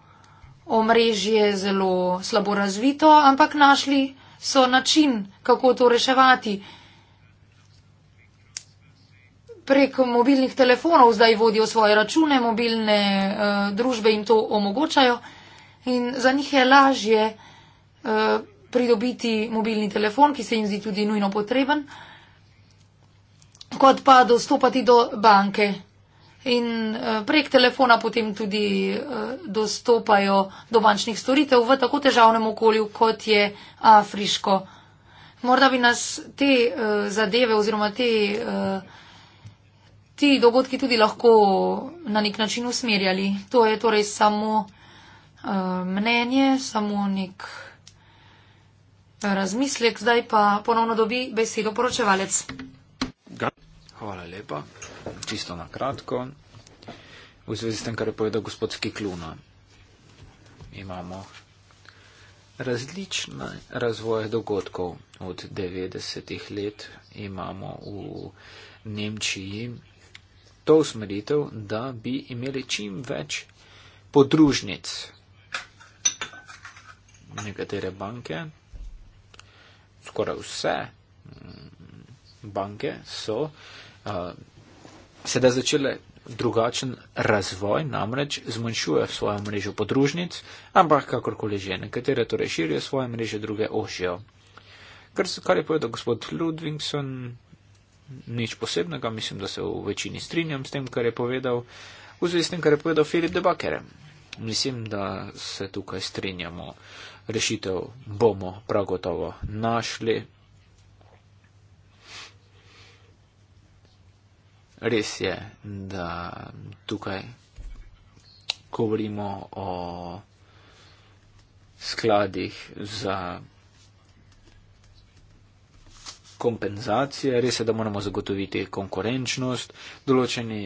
B: omrežje zelo slabo razvito, ampak našli so način, kako to reševati. Prek mobilnih telefonov zdaj vodijo svoje račune, mobilne eh, družbe jim to omogočajo in za njih je lažje uh, pridobiti mobilni telefon, ki se jim zdi tudi nujno potreben, kot pa dostopati do banke. In uh, prek telefona potem tudi uh, dostopajo do bančnih storitev v tako težavnem okolju, kot je afriško. Morda bi nas te uh, zadeve oziroma te. Uh, Ti dogodki tudi lahko na nek način usmerjali. To je torej samo Eh, mnenje, samo nek razmislek. Zdaj pa ponovno dobi besedo poročevalec.
A: Hvala lepa. Čisto na kratko. V zvezi s tem, kar je povedal gospod Kikluna, imamo različne razvoje dogodkov. Od 90-ih let imamo v Nemčiji to usmeritev, da bi imeli čim več podružnic nekatere banke, skoraj vse mm, banke so uh, sedaj začele drugačen razvoj, namreč zmanjšuje svojo mrežo podružnic, ampak kakorkoli že, nekatere torej širijo svoje mreže, druge ožijo. Kar, kar je povedal gospod Ludvigson, nič posebnega, mislim, da se v večini strinjam s tem, kar je povedal, v zvezi s tem, kar je povedal Filip Debakerem mislim, da se tukaj strinjamo. Rešitev bomo prav gotovo našli. Res je, da tukaj govorimo o skladih za kompenzacije, res je, da moramo zagotoviti konkurenčnost, določeni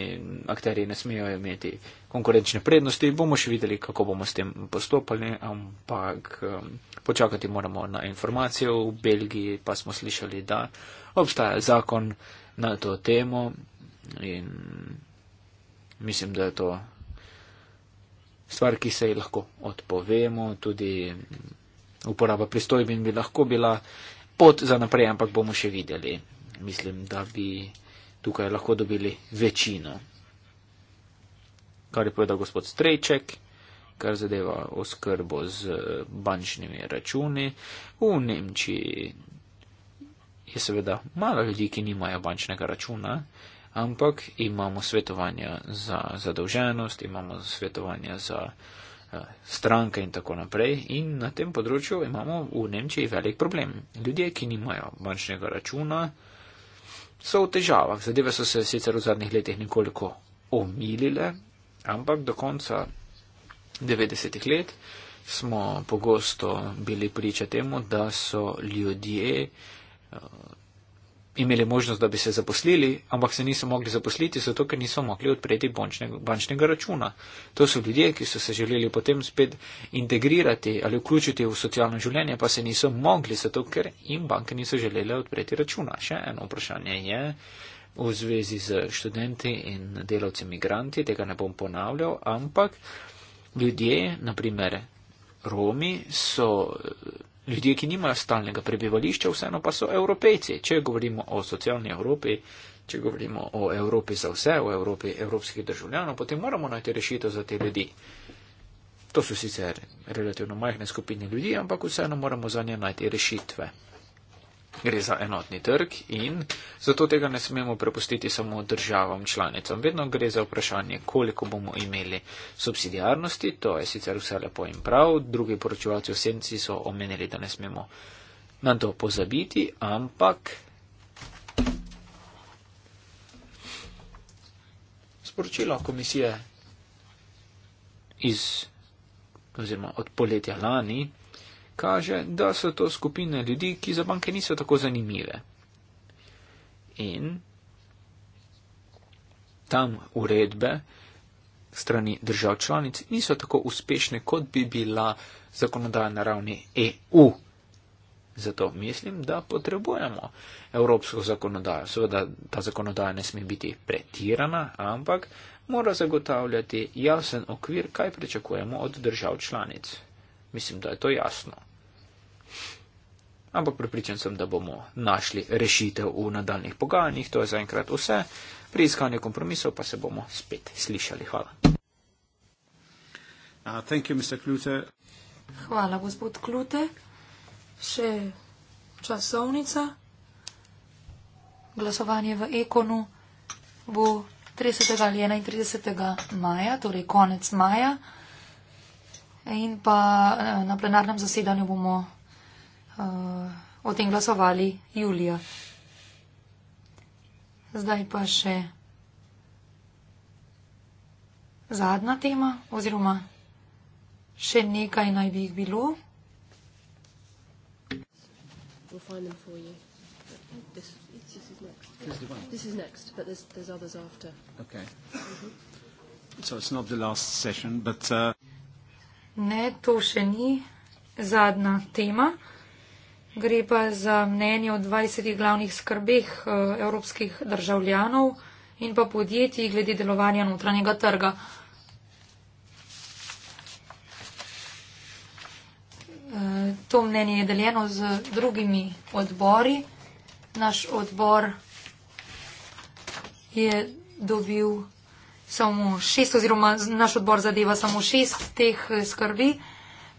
A: akteri ne smejo imeti konkurenčne prednosti, bomo še videli, kako bomo s tem postopali, ampak um, počakati moramo na informacije. V Belgiji pa smo slišali, da obstaja zakon na to temo in mislim, da je to stvar, ki se ji lahko odpovemo, tudi uporaba pristojbin bi lahko bila pot za naprej, ampak bomo še videli. Mislim, da bi tukaj lahko dobili večino. Kar je povedal gospod Strejček, kar zadeva oskrbo z bančnimi računi v Nemčiji. Je seveda malo ljudi, ki nimajo bančnega računa, ampak imamo svetovanja za zadolženost, imamo svetovanja za. Eh, stranke in tako naprej. In na tem področju imamo v Nemčiji velik problem. Ljudje, ki nimajo bančnega računa, so v težavah. Zadeve so se sicer v zadnjih letih nekoliko omilile, ampak do konca 90-ih let smo pogosto bili priča temu, da so ljudje eh, imeli možnost, da bi se zaposlili, ampak se niso mogli zaposliti, zato ker niso mogli odpreti bančnega računa. To so ljudje, ki so se želeli potem spet integrirati ali vključiti v socialno življenje, pa se niso mogli, zato ker jim banke niso želele odpreti računa. Še eno vprašanje je v zvezi z študenti in delavci migranti, tega ne bom ponavljal, ampak ljudje, naprimer Romi, so Ljudje, ki nimajo stalnega prebivališča, vseeno pa so evropejci. Če govorimo o socialni Evropi, če govorimo o Evropi za vse, o Evropi evropskih državljanov, potem moramo najti rešitev za te ljudi. To so sicer relativno majhne skupine ljudi, ampak vseeno moramo za nje najti rešitve. Gre za enotni trg in zato tega ne smemo prepustiti samo državam članicam. Vedno gre za vprašanje, koliko bomo imeli subsidijarnosti, to je sicer vse lepo in prav, drugi poročevalci v senci so omenili, da ne smemo na to pozabiti, ampak. Sporočilo komisije iz, oziroma od poletja lani kaže, da so to skupine ljudi, ki za banke niso tako zanimive. In tam uredbe strani držav članic niso tako uspešne, kot bi bila zakonodaja na ravni EU. Zato mislim, da potrebujemo evropsko zakonodajo. Seveda ta zakonodaja ne sme biti pretirana, ampak mora zagotavljati jasen okvir, kaj pričakujemo od držav članic. Mislim, da je to jasno. Ampak pripričan sem, da bomo našli rešitev v nadaljnih pogajanjih. To je zaenkrat vse. Pri iskanju kompromisov pa se bomo spet slišali. Hvala. Uh,
B: Hvala, gospod Klute. Še časovnica. Glasovanje v Ekonu bo 30. ali 31. maja, torej konec maja in pa eh, na plenarnem zasedanju bomo uh, o tem glasovali julija. Zdaj pa še zadnja tema oziroma še nekaj naj bi jih bilo.
A: We'll
B: Ne, to še ni zadnja tema. Gre pa za mnenje o 20 glavnih skrbeh eh, evropskih državljanov in pa podjetij glede delovanja notranjega trga. Eh, to mnenje je deljeno z drugimi odbori. Naš odbor je dobil samo šest oziroma naš odbor zadeva samo šest teh eh, skrbi.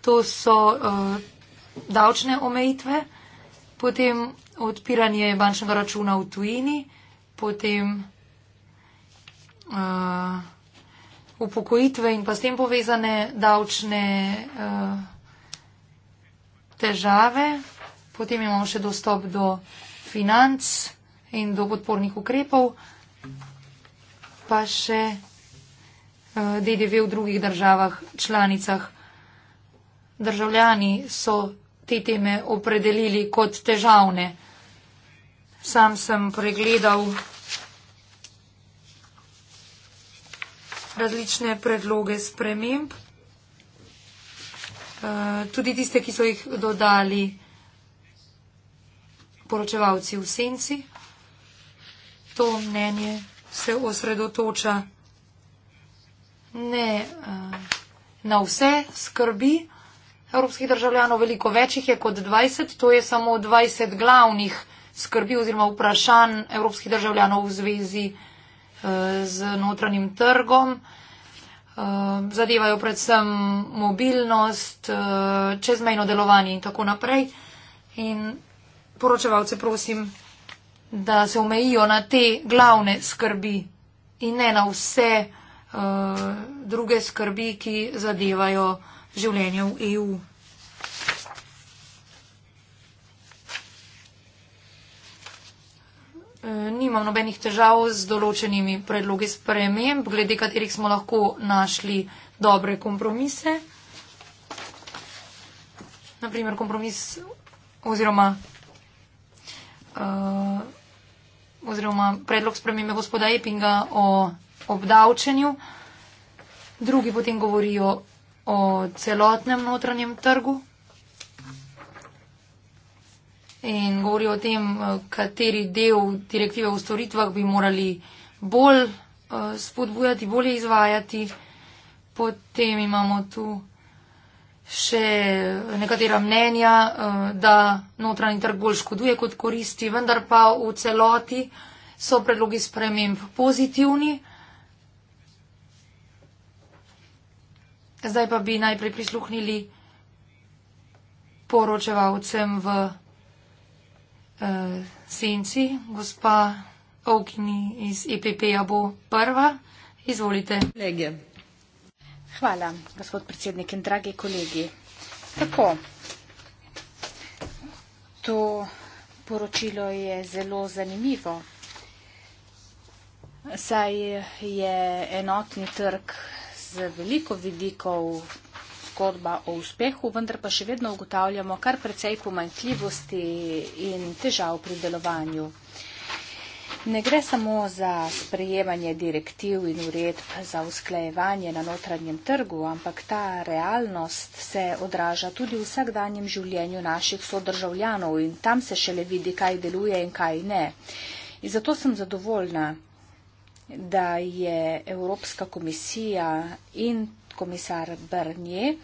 B: To so uh, davčne omejitve, potem odpiranje bančnega računa v tujini, potem uh, upokojitve in pa s tem povezane davčne uh, težave, potem imamo še dostop do financ in do podpornih ukrepov pa še eh, DDV v drugih državah, članicah. Državljani so te teme opredelili kot težavne. Sam sem pregledal različne predloge sprememb, eh, tudi tiste, ki so jih dodali poročevalci v senci. To mnenje se osredotoča ne eh, na vse skrbi evropskih državljanov, veliko večjih je kot 20, to je samo 20 glavnih skrbi oziroma vprašanj evropskih državljanov v zvezi eh, z notranjim trgom. Eh, zadevajo predvsem mobilnost, čezmejno delovanje in tako naprej. In poročevalce prosim, da se omejijo na te glavne skrbi in ne na vse uh, druge skrbi, ki zadevajo življenje v EU. Eh, nimam nobenih težav z določenimi predlogi sprememb, glede katerih smo lahko našli dobre kompromise. Naprimer kompromis oziroma uh, oziroma predlog spremembe gospoda Epinga o obdavčenju, drugi potem govorijo o celotnem notranjem trgu in govorijo o tem, eh, kateri del direktive v storitvah bi morali bolj eh, spodbujati, bolje izvajati. Potem imamo tu še nekatera mnenja, eh, da notranji trg bolj škoduje kot koristi, vendar pa v celoti so predlogi sprememb pozitivni. Zdaj pa bi najprej prisluhnili poročevalcem v eh, senci. Gospa Okini iz EPP-ja bo prva. Izvolite. Legje.
C: Hvala, gospod predsednik in dragi kolegi. Tako, to poročilo je zelo zanimivo, saj je enotni trg z veliko vidikov zgodba o uspehu, vendar pa še vedno ugotavljamo kar precej pomanjkljivosti in težav pri delovanju ne gre samo za sprejemanje direktiv in uredb za usklajevanje na notranjem trgu, ampak ta realnost se odraža tudi v vsakdanjem življenju naših sodržavljanov in tam se šele vidi, kaj deluje in kaj ne. In zato sem zadovoljna, da je Evropska komisija in komisar Brnje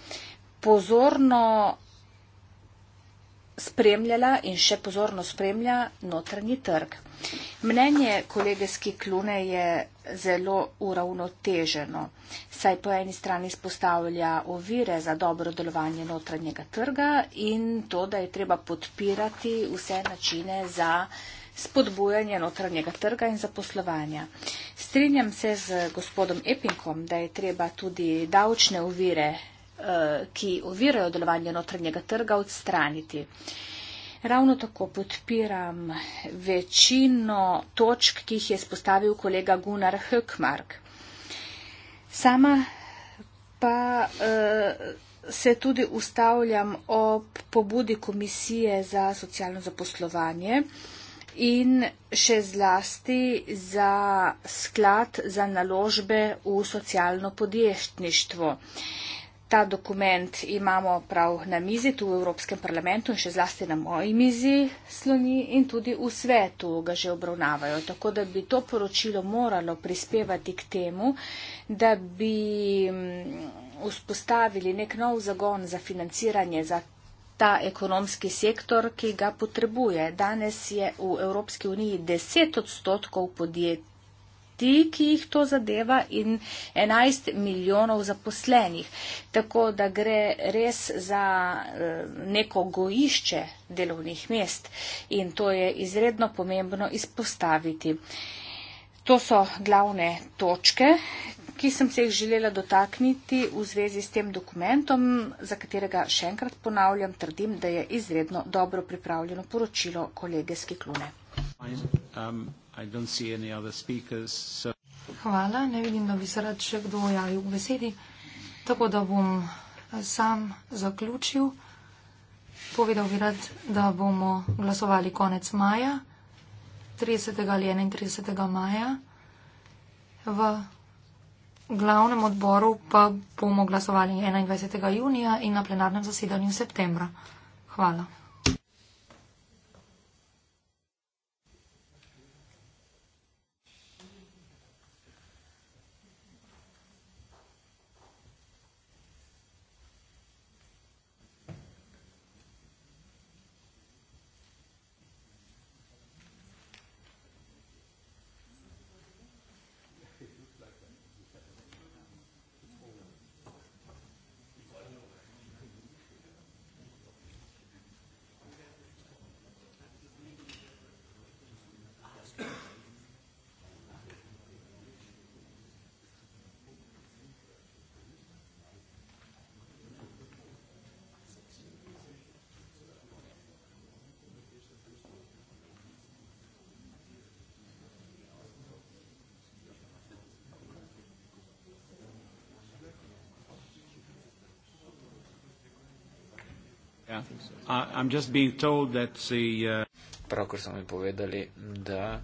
C: pozorno spremljala in še pozorno spremlja notranji trg. Mnenje kolege Skiklune je zelo uravnoteženo, saj po eni strani spostavlja ovire za dobro delovanje notranjega trga in to, da je treba podpirati vse načine za spodbujanje notranjega trga in zaposlovanja. Strinjam se z gospodom Epinkom, da je treba tudi davčne ovire, eh, ki ovirajo delovanje notranjega trga, odstraniti. Ravno tako podpiram večino točk, ki jih je spostavil kolega Gunnar Hökmark. Sama pa uh, se tudi ustavljam ob pobudi Komisije za socialno zaposlovanje in še zlasti za sklad za naložbe v socialno podještništvo. Uh, ta dokument imamo prav na mizi tu v Evropskem parlamentu in še zlasti na moji mizi sloni in tudi v svetu ga že obravnavajo. Tako da bi to poročilo moralo prispevati k temu, da bi mm, vzpostavili nek nov zagon za financiranje za ta ekonomski sektor, ki ga potrebuje. Danes je v Evropski uniji 10 odstotkov podjetij ti, ki jih to zadeva in 11 milijonov zaposlenih. Tako da gre res za eh, neko gojišče delovnih mest in to je izredno pomembno izpostaviti. To so glavne točke ki sem se jih želela dotakniti v zvezi s tem dokumentom, za katerega še enkrat ponavljam, trdim, da je izredno dobro pripravljeno poročilo kolege Skiklune.
A: Um. I don't see any other speakers, so.
C: Hvala, ne vidim, da bi se rad še kdo javil v
B: besedi. Tako da bom eh, sam zaključil. Povedal bi rad, da bomo glasovali konec maja, 30. ali 31. maja. V glavnem odboru pa bomo glasovali 21. junija in na plenarnem zasedanju septembra. Hvala.
A: Uh, Pravkar so mi povedali, da.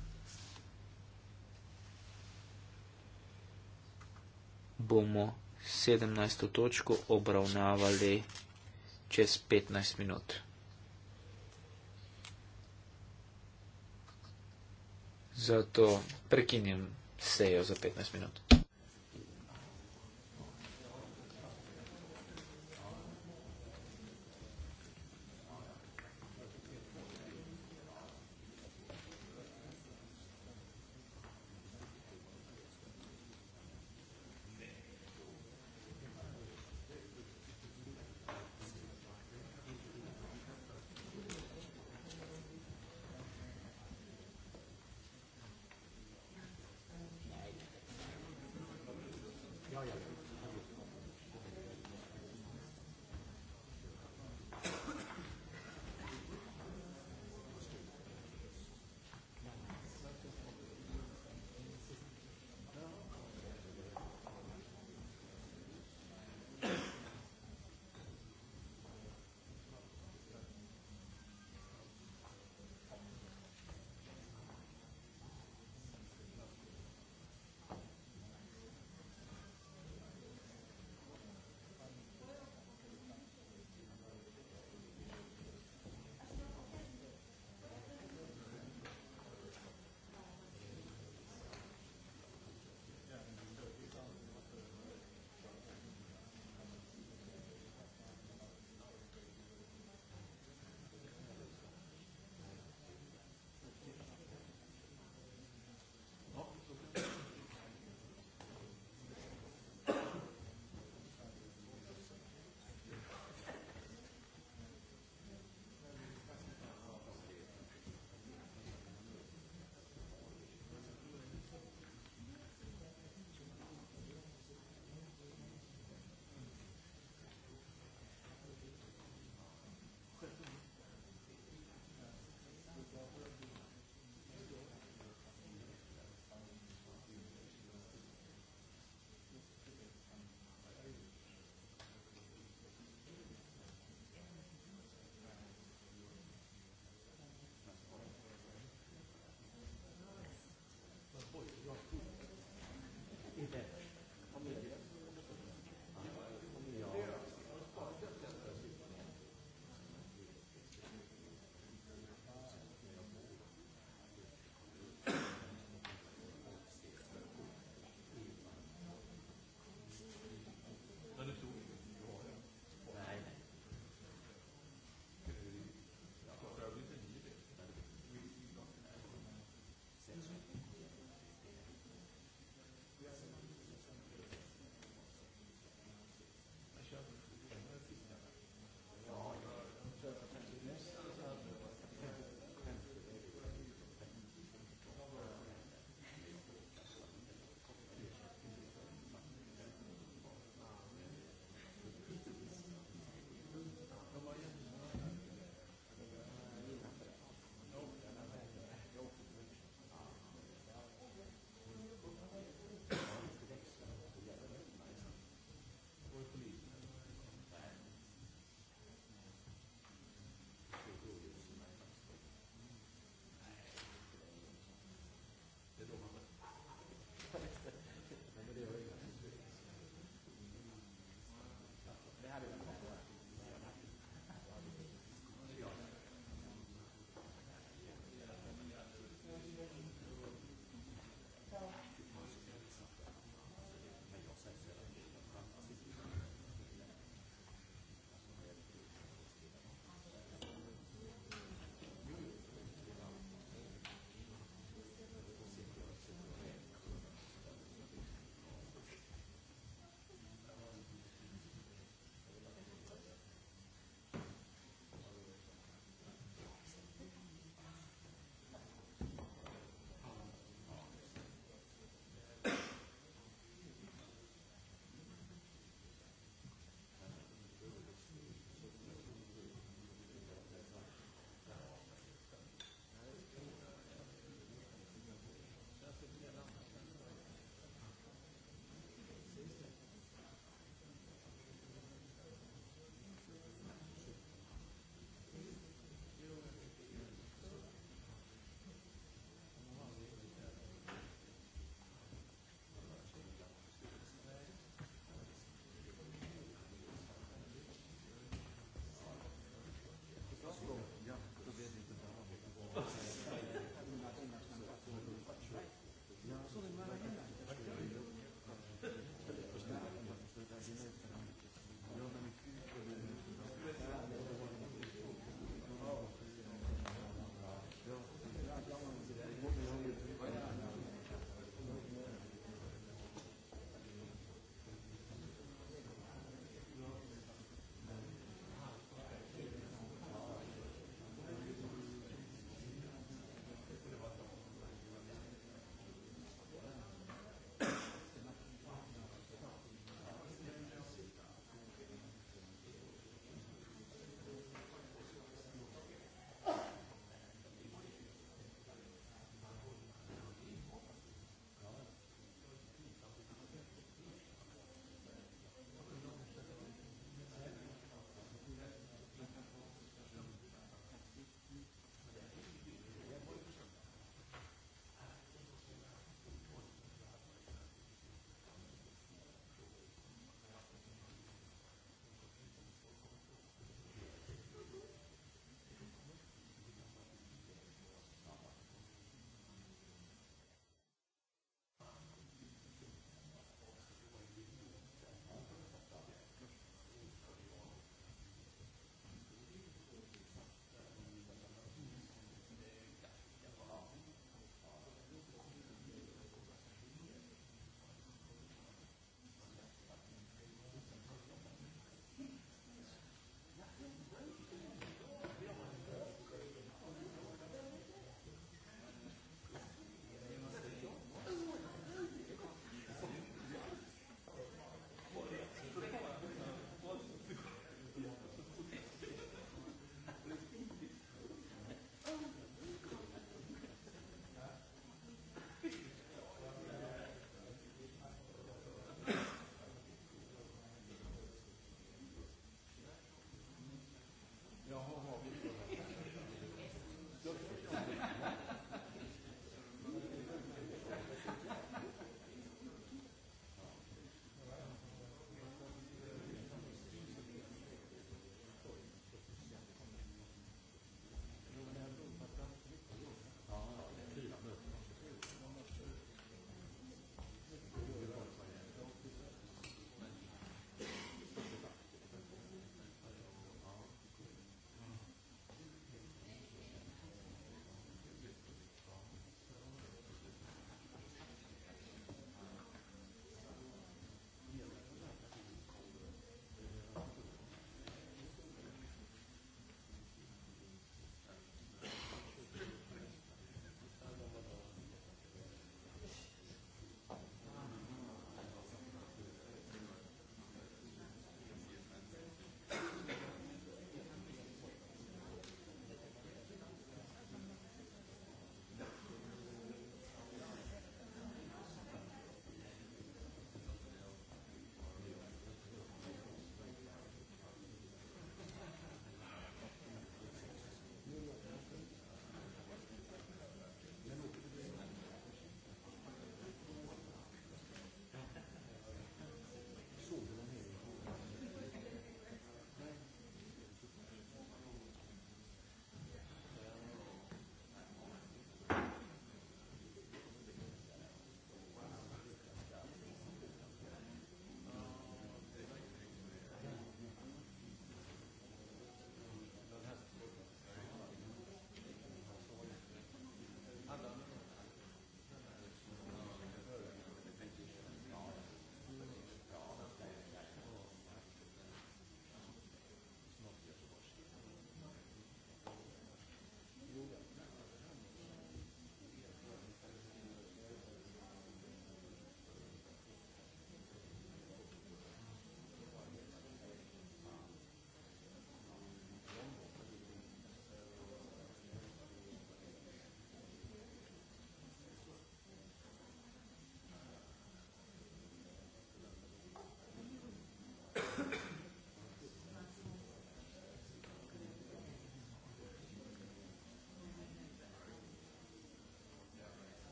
A: bomo 17. točko obravnavali čez 15 minut. Zato prekinjam sejo za 15 minut.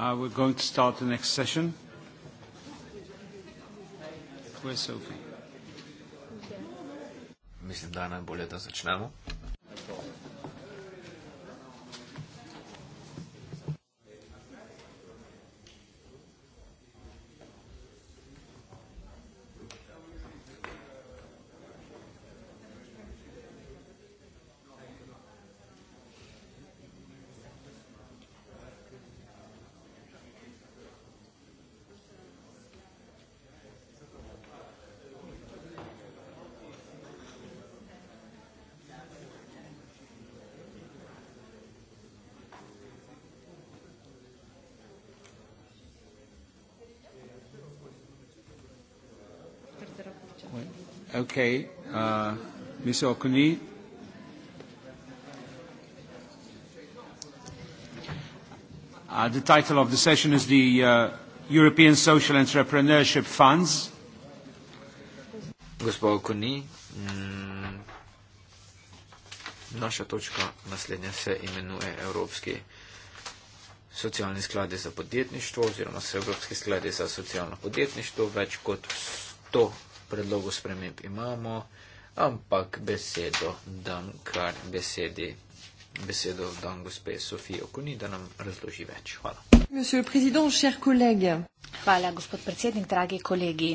A: Uh, we're going to start the next session. Where's Sophie? Mislim, da je najbolje, da začnemo. Okay, uh, Ms. O'Connor. Uh, the title of the session is the uh, European Social Entrepreneurship Funds. Gospod Okuni, mm, naša točka naslednja se imenuje Evropski socialni sklad za podjetništvo oziroma Evropski sklad za socialno podjetništvo. Več kot 100 predlogu sprememb imamo, ampak besedo dam kar besedi, besedo dam gospe Sofijo Kuni, da nam razloži več. Hvala.
C: Hvala, gospod predsednik, dragi kolegi.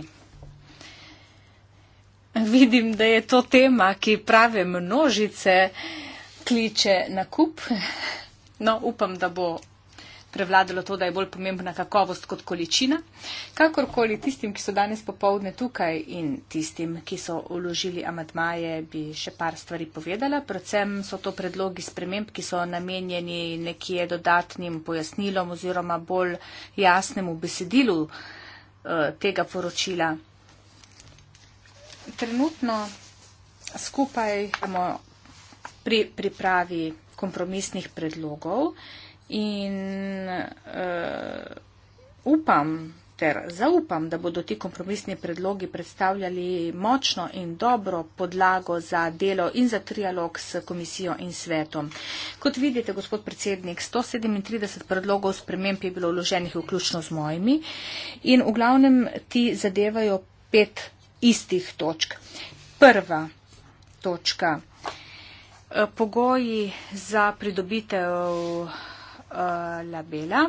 C: Vidim, da je to tema, ki prave množice kliče na kup. No, upam, da bo prevladalo to, da je bolj pomembna kakovost kot količina. Kakorkoli tistim, ki so danes popovdne tukaj in tistim, ki so uložili amatmaje, bi še par stvari povedala. Predvsem so to predlogi sprememb, ki so namenjeni nekje dodatnim pojasnilom oziroma bolj jasnemu besedilu eh, tega poročila. Trenutno skupaj smo pri pripravi kompromisnih predlogov. In uh, upam ter zaupam, da bodo ti kompromisni predlogi predstavljali močno in dobro podlago za delo in za trialog s komisijo in svetom. Kot vidite, gospod predsednik, 137 predlogov sprememb je bilo vloženih vključno z mojimi in v glavnem ti zadevajo pet istih točk. Prva točka. Eh, pogoji za pridobitev Eh, labela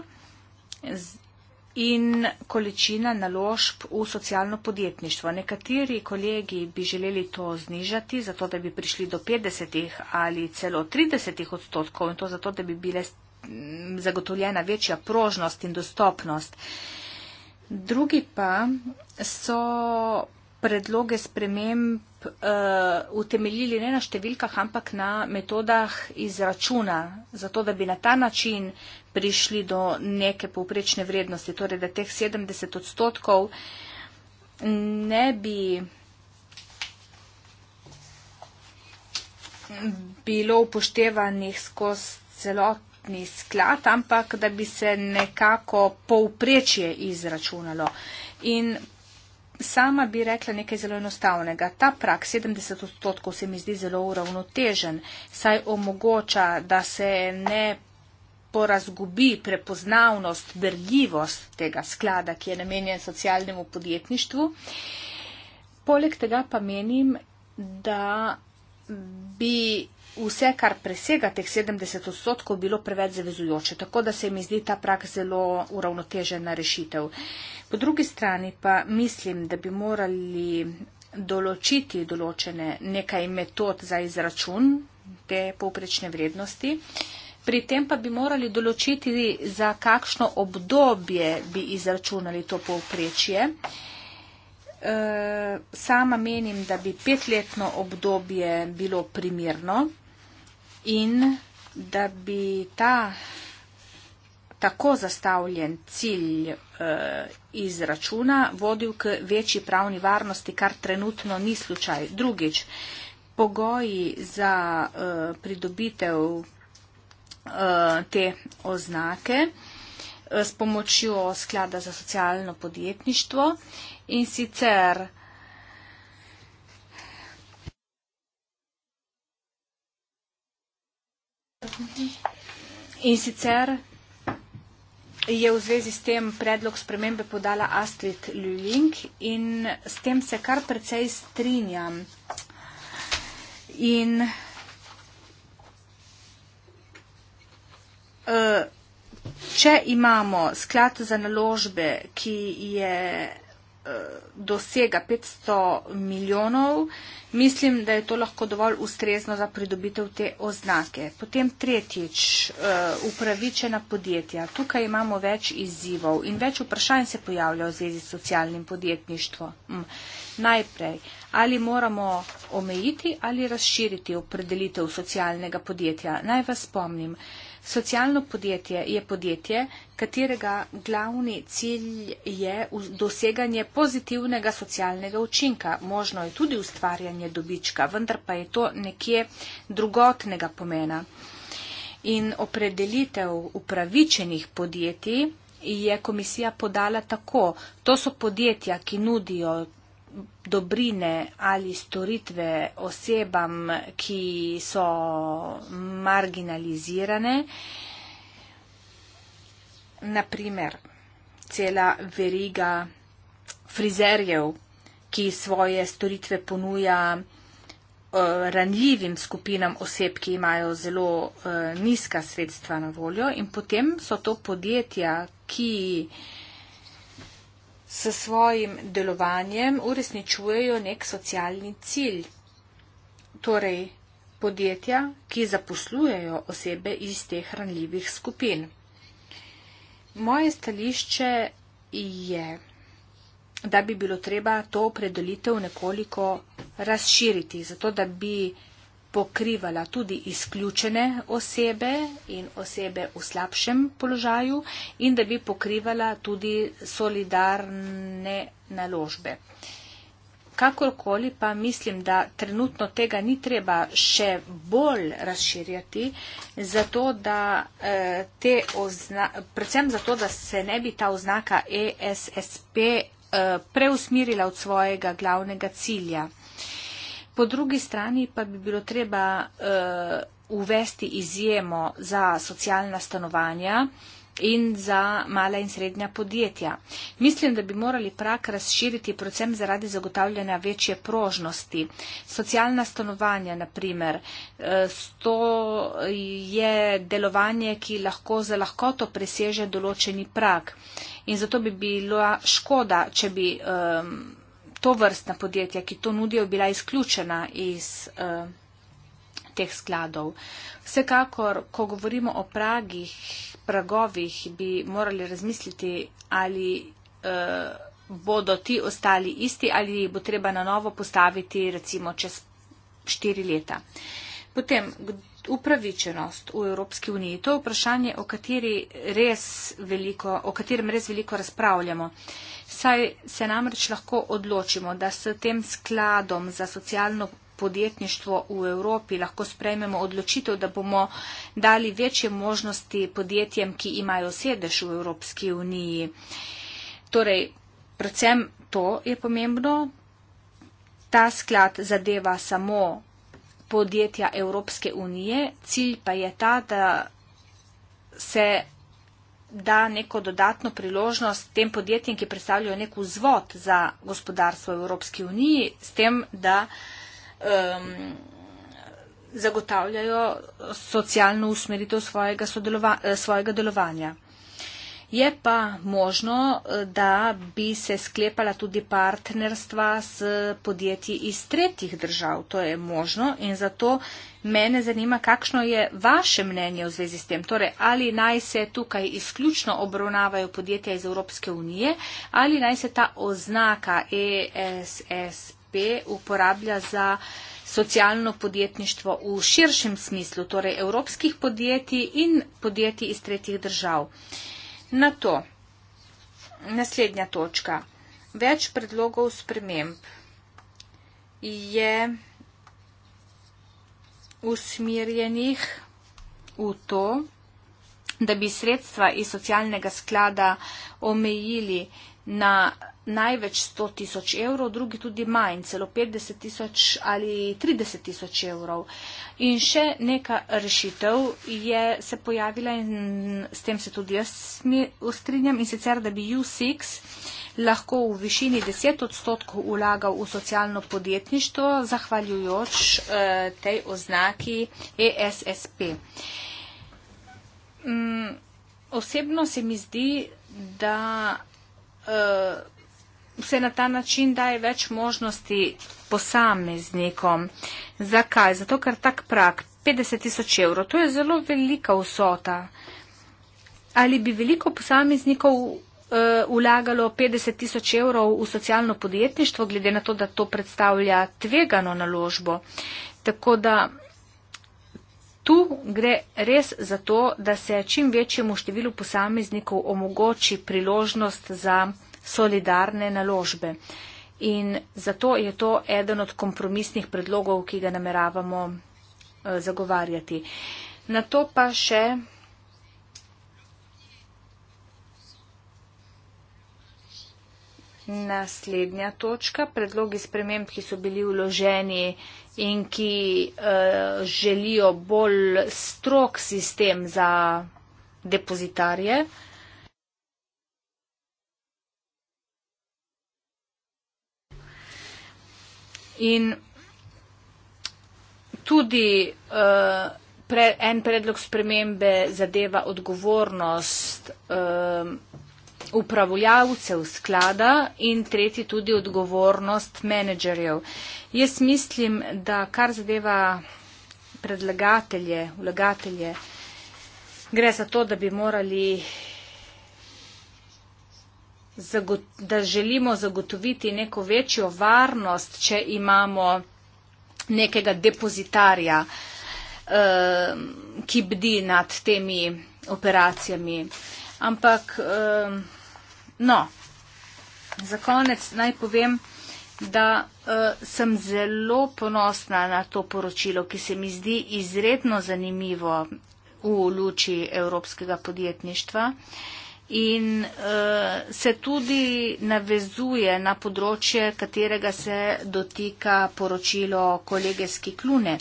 C: in količina naložb v socialno podjetništvo. Nekateri kolegi bi želeli to znižati, zato da bi prišli do 50 ali celo 30 odstotkov in to zato, da bi bile mm, zagotovljena večja prožnost in dostopnost. Drugi pa so predloge sprememb uh, utemeljili ne na številkah, ampak na metodah izračuna, zato da bi na ta način prišli do neke povprečne vrednosti, torej da teh 70 odstotkov ne bi bilo upoštevanih skozi celotni sklad, ampak da bi se nekako povprečje izračunalo. In Sama bi rekla nekaj zelo enostavnega. Ta prak 70 odstotkov se mi zdi zelo uravnotežen, saj omogoča, da se ne porazgubi prepoznavnost, brljivost tega sklada, ki je namenjen socialnemu podjetništvu. Poleg tega pa menim, da bi vse, kar presega teh 70 odstotkov, bilo preveč zavezujoče. Tako da se mi zdi ta prak zelo uravnotežena rešitev. Po drugi strani pa mislim, da bi morali določiti določene nekaj metod za izračun te povprečne vrednosti. Pri tem pa bi morali določiti, za kakšno obdobje bi izračunali to povprečje. E, sama menim, da bi petletno obdobje bilo primirno, in da bi ta tako zastavljen cilj eh, izračuna vodil k večji pravni varnosti, kar trenutno ni slučaj. Drugič, pogoji za eh, pridobitev eh, te oznake eh, s pomočjo sklada za socialno podjetništvo in sicer In sicer je v zvezi s tem predlog spremembe podala Astrid Ljulink in s tem se kar precej strinjam. In eh, če imamo sklad za naložbe, ki je dosega 500 milijonov, mislim, da je to lahko dovolj ustrezno za pridobitev te oznake. Potem tretjič, eh, upravičena podjetja. Tukaj imamo več izzivov in več vprašanj se pojavlja v zvezi s socialnim podjetništvom. Mm. Najprej, ali moramo omejiti ali razširiti opredelitev socialnega podjetja. Naj vas spomnim, Socialno podjetje je podjetje, katerega glavni cilj je doseganje pozitivnega socialnega učinka. Možno je tudi ustvarjanje dobička, vendar pa je to nekje drugotnega pomena. In opredelitev upravičenih podjetij je komisija podala tako. To so podjetja, ki nudijo dobrine ali storitve osebam, ki so marginalizirane. Naprimer, cela veriga frizerjev, ki svoje storitve ponuja eh, ranljivim skupinam oseb, ki imajo zelo eh, nizka sredstva na voljo in potem so to podjetja, ki s svojim delovanjem uresničujejo nek socialni cilj. Torej, podjetja, ki zaposlujejo osebe iz teh hranljivih skupin. Moje stališče je, da bi bilo treba to opredelitev nekoliko razširiti, zato da bi pokrivala tudi izključene osebe in osebe v slabšem položaju in da bi pokrivala tudi solidarne naložbe. Kakorkoli pa mislim, da trenutno tega ni treba še bolj razširjati, zato da, eh, ozna, predvsem zato, da se ne bi ta oznaka ESSP eh, preusmirila od svojega glavnega cilja. Po drugi strani pa bi bilo treba uh, uvesti izjemo za socialna stanovanja in za mala in srednja podjetja. Mislim, da bi morali prak razširiti predvsem zaradi zagotavljanja večje prožnosti. Socialna stanovanja, na primer, eh, to je delovanje, ki lahko za lahkoto preseže določeni prak. In zato bi bilo škoda, če bi. Um, to vrstna podjetja, ki to nudijo, bila izključena iz eh, teh skladov. Vsekakor, ko govorimo o pragih, pragovih, bi morali razmisliti, ali eh, bodo ti ostali isti ali jih bo treba na novo postaviti, recimo, čez štiri leta. Potem, upravičenost v Evropski uniji. To je vprašanje, o, veliko, o katerem res veliko razpravljamo. Saj se namreč lahko odločimo, da s tem skladom za socialno podjetništvo v Evropi lahko sprejmemo odločitev, da bomo dali večje možnosti podjetjem, ki imajo sedež v Evropski uniji. Torej, predvsem to je pomembno. Ta sklad zadeva samo podjetja Evropske unije. Cilj pa je ta, da se da neko dodatno priložnost tem podjetjem, ki predstavljajo nek vzvod za gospodarstvo v Evropski uniji, s tem, da um, zagotavljajo socialno usmeritev svojega, eh, svojega delovanja. Je pa možno, eh, da bi se sklepala tudi partnerstva s podjetji iz tretjih držav. To je možno in zato mene zanima, kakšno je vaše mnenje v zvezi s tem. Torej, ali naj se tukaj izključno obravnavajo podjetja iz Evropske unije ali naj se ta oznaka ESSP uporablja za socialno podjetništvo v širšem smislu, torej evropskih podjetij in podjetij iz tretjih držav. Uh, Na to, naslednja točka. Več predlogov sprememb je usmirjenih v to, da bi sredstva iz socialnega sklada omejili na največ 100 tisoč evrov, drugi tudi manj, celo 50 tisoč ali 30 tisoč evrov. In še neka rešitev je se pojavila in s tem se tudi jaz ustrinjam in sicer, da bi U6 lahko v višini 10 odstotkov ulagal v socialno podjetništvo, zahvaljujoč eh, tej oznaki ESSP. Mm, osebno se mi zdi, da uh, se na ta način daje več možnosti posameznikom. Zakaj? Zato, ker tak prak 50 tisoč evrov, to je zelo velika vsota. Ali bi veliko posameznikov uh, vlagalo 50 tisoč evrov v socialno podjetništvo, glede na to, da to predstavlja tvegano naložbo? Tako da Tu gre res za to, da se čim večjemu številu posameznikov omogoči priložnost za solidarne naložbe. In zato je to eden od kompromisnih predlogov, ki ga nameravamo eh, zagovarjati. Na to pa še naslednja točka, predlogi sprememb, ki so bili vloženi in ki uh, želijo bolj strok sistem za depozitarje. In tudi uh, pre, en predlog spremembe zadeva odgovornost uh, upravljavcev sklada in tretji tudi odgovornost menedžerjev. Jaz mislim, da kar zadeva predlagatelje, vlagatelje, gre za to, da bi morali, da želimo zagotoviti neko večjo varnost, če imamo nekega depozitarja, ehm, ki bdi nad temi operacijami. Ampak ehm, No, za konec naj povem, da uh, sem zelo ponosna na to poročilo, ki se mi zdi izredno zanimivo v luči evropskega podjetništva. Uh, in uh, se tudi navezuje na področje, katerega se dotika poročilo kolege Skiklune.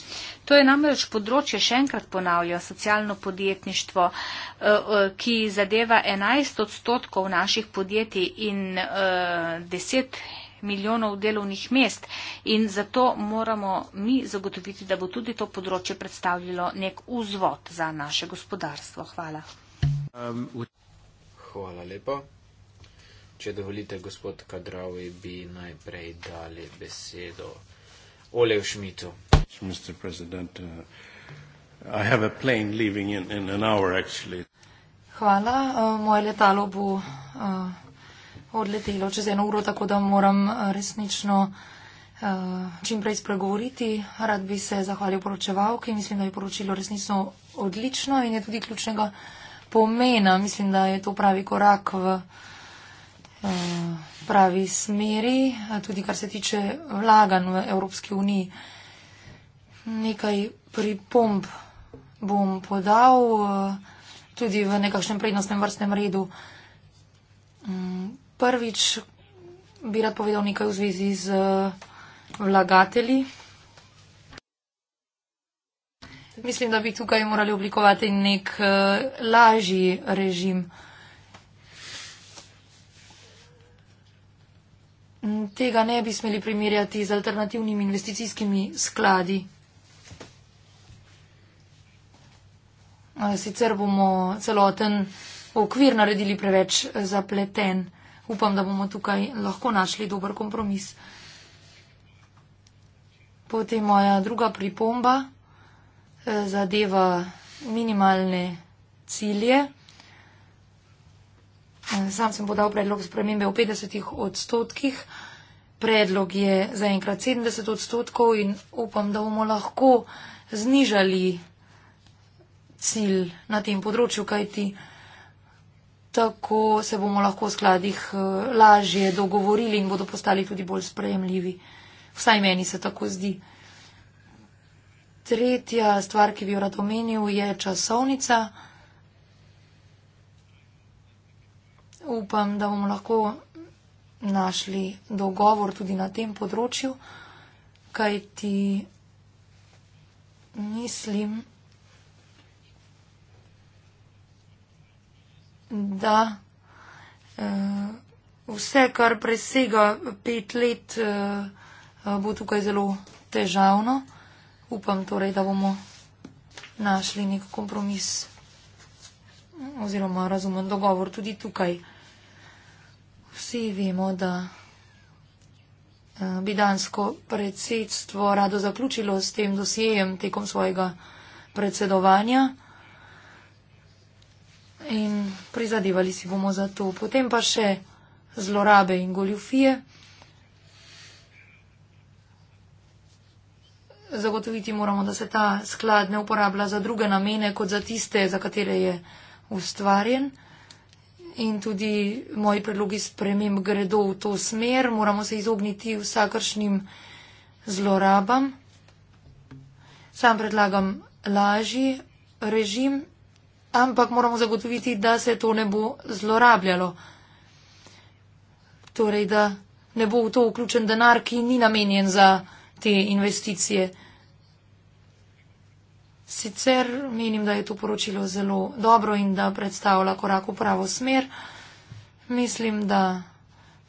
C: To je namreč področje, še enkrat ponavljam, socialno podjetništvo, uh, uh, ki zadeva 11 odstotkov naših podjetij in uh, 10 milijonov delovnih mest in zato moramo mi zagotoviti, da bo tudi to področje predstavljalo nek vzvod za naše gospodarstvo. Hvala.
A: Um, Hvala lepa. Če dovolite, gospod Kadravi, bi najprej dali besedo Olev Šmitu.
C: Uh,
B: Hvala. Uh, moje letalo bo uh, odletelo čez eno uro, tako da moram resnično čimprej spregovoriti. Rad bi se zahvalil poročevalki. Mislim, da je poročilo resnično odlično in je tudi ključnega pomena. Mislim, da je to pravi korak v eh, pravi smeri, eh, tudi kar se tiče vlaganj v Evropski uniji. Nekaj pripomb bom podal eh, tudi v nekakšnem prednostnem vrstnem redu. Mm, prvič bi rad povedal nekaj v zvezi z vlagatelji. Mislim, da bi tukaj morali oblikovati nek uh, lažji režim. Mm, tega ne bi smeli primerjati z alternativnimi investicijskimi skladi. Eh, sicer bomo celoten okvir naredili preveč eh, zapleten. Upam, da bomo tukaj lahko našli dober kompromis. Potem moja druga pripomba zadeva minimalne cilje. Sam sem podal predlog spremembe v 50 odstotkih. Predlog je zaenkrat 70 odstotkov in upam, da bomo lahko znižali cilj na tem področju, kajti tako se bomo lahko v skladih eh, lažje dogovorili in bodo postali tudi bolj sprejemljivi. Vsaj meni se tako zdi. Tretja stvar, ki bi jo rad omenil, je časovnica. Upam, da bomo lahko našli dogovor tudi na tem področju, kajti mislim, da eh, vse, kar presega pet let, eh, bo tukaj zelo težavno. Upam torej, da bomo našli nek kompromis oziroma razumen dogovor tudi tukaj. Vsi vemo, da eh, bi dansko predsedstvo rado zaključilo s tem dosjejem tekom svojega predsedovanja in prizadevali si bomo za to. Potem pa še zlorabe in goljufije. zagotoviti moramo, da se ta sklad ne uporablja za druge namene, kot za tiste, za katere je ustvarjen. In tudi moji predlogi sprememb gredo v to smer, moramo se izogniti vsakršnim zlorabam. Sam predlagam lažji režim, ampak moramo zagotoviti, da se to ne bo zlorabljalo. Torej, da ne bo v to vključen denar, ki ni namenjen za te investicije. Sicer menim, da je to poročilo zelo dobro in da predstavlja korak v pravo smer. Mislim, da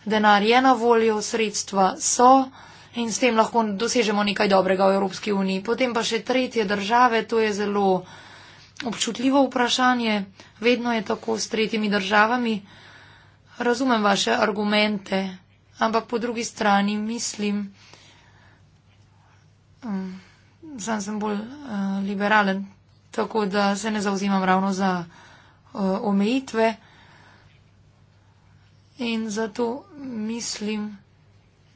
B: denar je na voljo, sredstva so in s tem lahko dosežemo nekaj dobrega v Evropski uniji. Potem pa še tretje države, to je zelo občutljivo vprašanje, vedno je tako s tretjimi državami. Razumem vaše argumente, ampak po drugi strani mislim, Sam sem bolj eh, liberalen, tako da se ne zauzimam ravno za eh, omejitve. In zato mislim,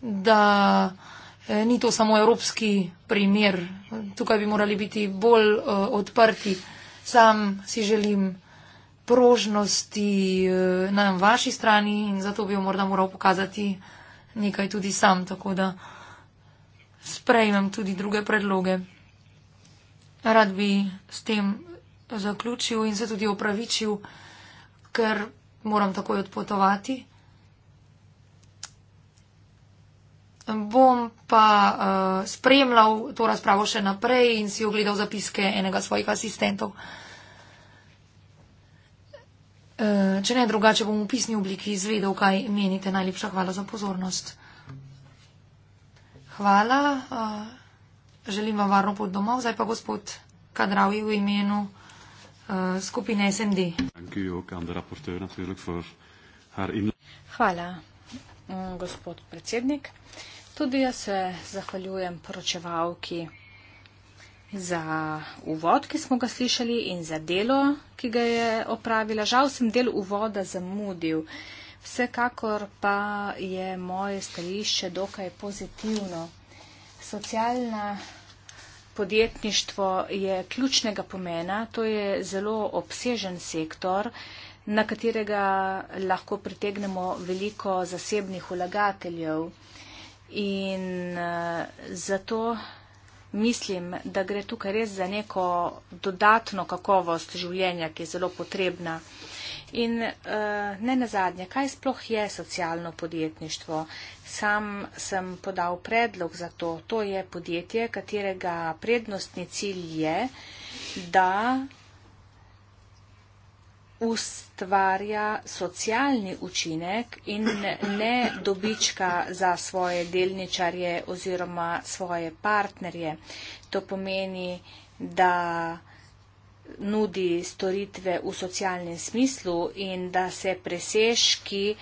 B: da eh, ni to samo evropski primer. Tukaj bi morali biti bolj odprti. Sam si želim prožnosti na vaši strani in zato bi jo morda moral pokazati nekaj tudi sam. Tako da sprejmem tudi druge predloge. Rad bi s tem zaključil in se tudi opravičil, ker moram takoj odpotovati. Bom pa uh, spremljal to razpravo še naprej in si ogledal zapiske enega svojih asistentov. Eh, če ne drugače, bom v pisni obliki izvedel, kaj menite. Najlepša hvala za pozornost hvala. Eh, želim vam varno pot domov. Zdaj pa gospod Kadravi v imenu eh, skupine SND.
C: Hvala, mm, gospod predsednik. Tudi jaz se zahvaljujem poročevalki za uvod, ki smo ga slišali in za delo, ki ga je opravila. Žal sem del uvoda zamudil. Vsekakor pa je moje stališče dokaj pozitivno. Socialna podjetništvo je ključnega pomena, to je zelo obsežen sektor, na katerega lahko pritegnemo veliko zasebnih vlagateljev. In eh, zato mislim, da gre tukaj res za neko dodatno kakovost življenja, ki je zelo potrebna. In uh, ne nazadnje, kaj sploh je socialno podjetništvo? Sam sem podal predlog za to. To je podjetje, katerega prednostni cilj je, da ustvarja socialni učinek in ne dobička za svoje delničarje oziroma svoje partnerje. To pomeni, da nudi storitve v socialnem smislu in da se presežki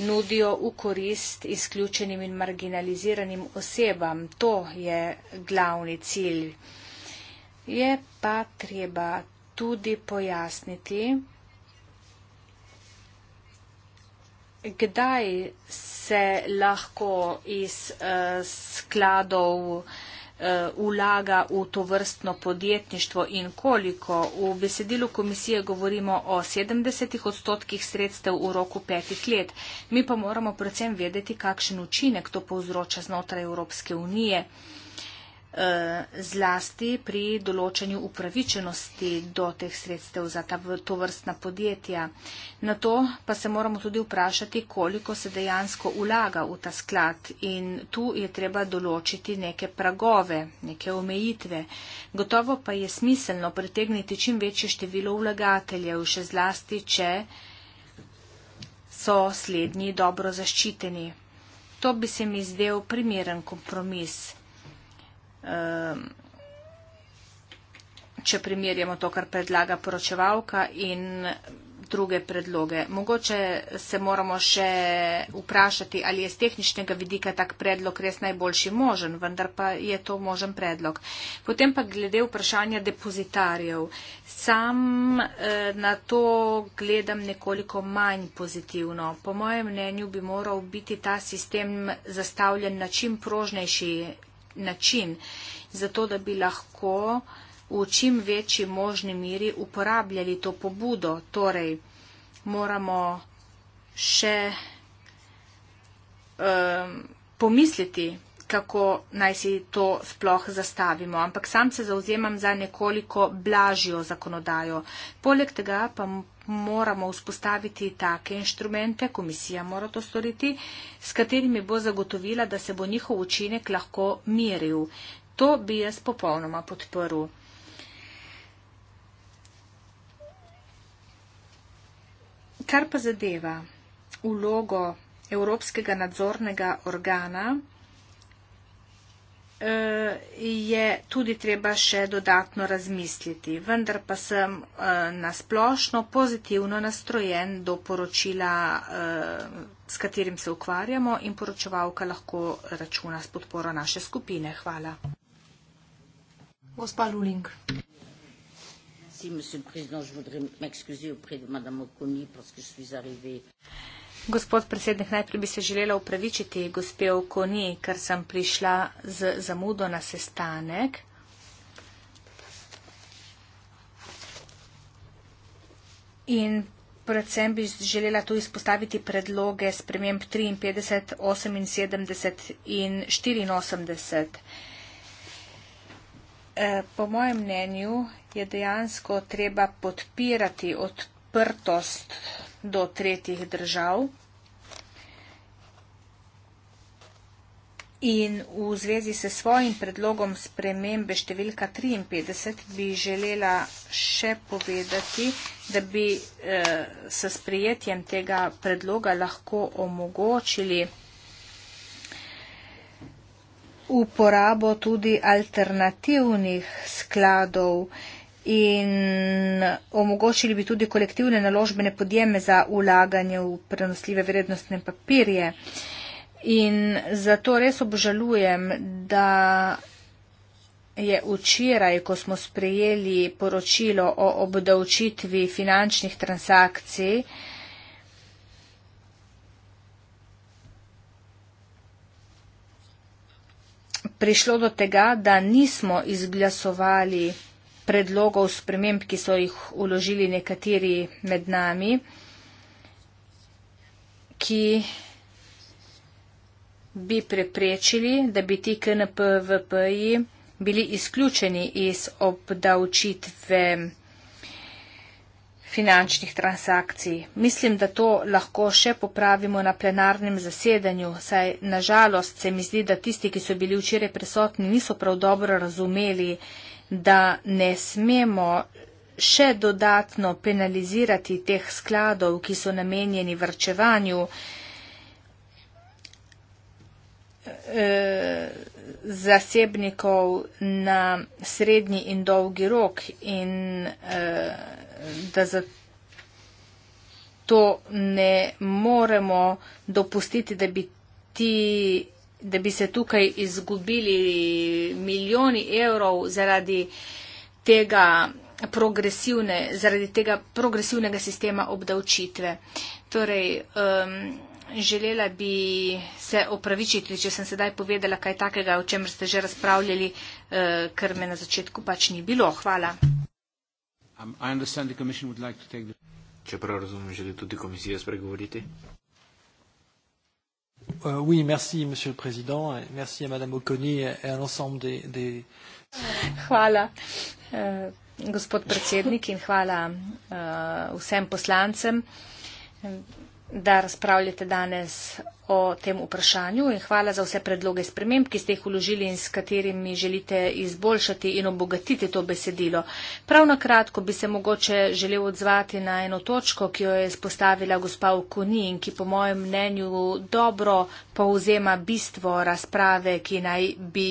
C: nudijo v korist izključenim in marginaliziranim osebam. To je glavni cilj. Je pa treba tudi pojasniti, kdaj se lahko iz uh, skladov uh, Eh, vlaga v to vrstno podjetništvo in koliko. V besedilu komisije govorimo o 70 odstotkih sredstev v roku petih let. Mi pa moramo predvsem vedeti, kakšen učinek to povzroča znotraj Evropske unije. Eh, zlasti pri določanju upravičenosti do teh sredstev za ta, to vrstna podjetja. Na to pa se moramo tudi vprašati, koliko se dejansko vlaga v ta sklad in tu je treba določiti neke pragove, neke omejitve. Gotovo pa je smiselno pritegniti čim večje število vlagateljev, še zlasti, če so slednji dobro zaščiteni. To bi se mi zdel primeren kompromis um, če primerjamo to, kar predlaga poročevalka in druge predloge. Mogoče se moramo še vprašati, ali je z tehničnega vidika tak predlog res najboljši možen, vendar pa je to možen predlog. Potem pa glede vprašanja depozitarjev. Sam eh, na to gledam nekoliko manj pozitivno. Po mojem mnenju bi moral biti ta sistem zastavljen na čim prožnejši način, zato da bi lahko v čim večji možni miri uporabljali to pobudo. Torej, moramo še um, pomisliti, kako naj si to sploh zastavimo. Ampak sam se zauzemam za nekoliko blažjo zakonodajo. Poleg tega pa moramo vzpostaviti take inštrumente, komisija mora to storiti, s katerimi bo zagotovila, da se bo njihov učinek lahko miril. To bi jaz popolnoma podprl. Kar pa zadeva vlogo Evropskega nadzornega organa, Eh, je tudi treba še dodatno razmisliti. Vendar pa sem eh, nasplošno pozitivno nastrojen do poročila, eh, s katerim se ukvarjamo in poročevalka lahko računa s podporo naše skupine. Hvala. Gospa Luling. Si, monsieur le président, je voudrais m'excuser auprès de madame Oconi parce que je suis arrivée. Gospod predsednik, najprej bi se želela upravičiti gospe Okoni, ker sem prišla z zamudo na sestanek. In predvsem bi želela tu izpostaviti predloge sprememb 53, 78 in 84. Eh, po mojem mnenju je dejansko treba podpirati odprtost do tretjih držav. In v zvezi se svojim predlogom spremembe številka 53 bi želela še povedati, da bi eh, s sprijetjem tega predloga lahko omogočili uporabo tudi alternativnih skladov eh, in omogočili bi tudi kolektivne naložbene podjeme za ulaganje v prenosljive vrednostne papirje. In zato res obžalujem, da je včeraj, ko smo sprejeli poročilo o obdavčitvi finančnih transakcij, prišlo do tega, da nismo izglasovali predlogov sprememb, ki so jih uložili nekateri med nami, ki bi preprečili, da bi ti KNPVP-ji bili izključeni iz obdavčitve finančnih transakcij. Mislim, da to lahko še popravimo na plenarnem zasedanju, saj nažalost se mi zdi, da tisti, ki so bili včeraj prisotni, niso prav dobro razumeli, da ne smemo še dodatno penalizirati teh skladov, ki so namenjeni vrčevanju eh, zasebnikov na srednji in dolgi rok in eh, da zato ne moremo dopustiti, da bi ti da bi se tukaj izgubili milijoni evrov zaradi tega, progresivne, zaradi tega progresivnega sistema obdavčitve. Torej, um, želela bi se opravičiti, če sem sedaj povedala kaj takega, o čemer ste že razpravljali, uh, ker me na začetku pač ni bilo. Hvala.
A: Um, like the... Če prav razumem, želi tudi komisija spregovoriti. Euh, oui, merci, Monsieur le Président. Et merci à Madame Oconi et à l'ensemble des. des...
C: Voilà. Euh... Gospod predsednik in hvala uh, vsem poslancem, da razpravljate danes o tem vprašanju in hvala za vse predloge sprememb, ki ste jih uložili in s katerimi želite izboljšati in obogatiti to besedilo. Prav na kratko bi se mogoče želel odzvati na eno točko, ki jo je spostavila gospa Okuni in ki po mojem mnenju dobro povzema bistvo razprave, ki naj bi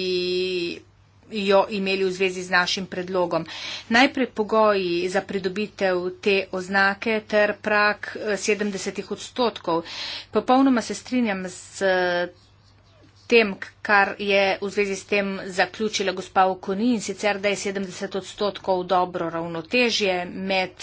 C: jo imeli v zvezi z našim predlogom. Najprej pogoji za pridobitev te oznake ter prak 70 eh, odstotkov. Popolnoma se strinjam z eh, tem, kar je v zvezi s tem zaključila gospa Okoni in sicer, da je 70 odstotkov dobro ravnotežje med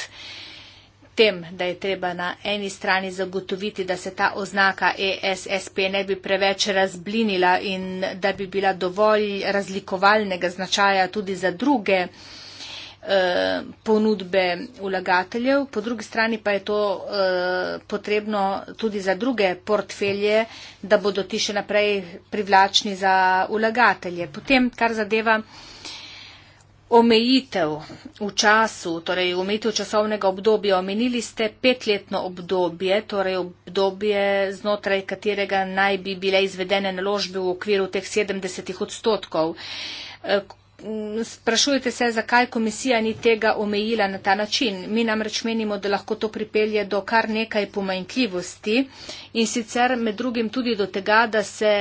C: tem, da je treba na eni strani zagotoviti, da se ta oznaka ESSP ne bi preveč razblinila in da bi bila dovolj razlikovalnega značaja tudi za druge eh, ponudbe vlagateljev, po drugi strani pa je to eh, potrebno tudi za druge portfelje, da bodo ti še naprej privlačni za vlagatelje. Potem, kar zadeva omejitev v času, torej omejitev časovnega obdobja, omenili ste petletno obdobje, torej obdobje, znotraj katerega naj bi bile izvedene naložbe v okviru teh 70 odstotkov. E, sprašujete se, zakaj komisija ni tega omejila na ta način. Mi namreč menimo, da lahko to pripelje do kar nekaj pomanjkljivosti in sicer med drugim tudi do tega, da se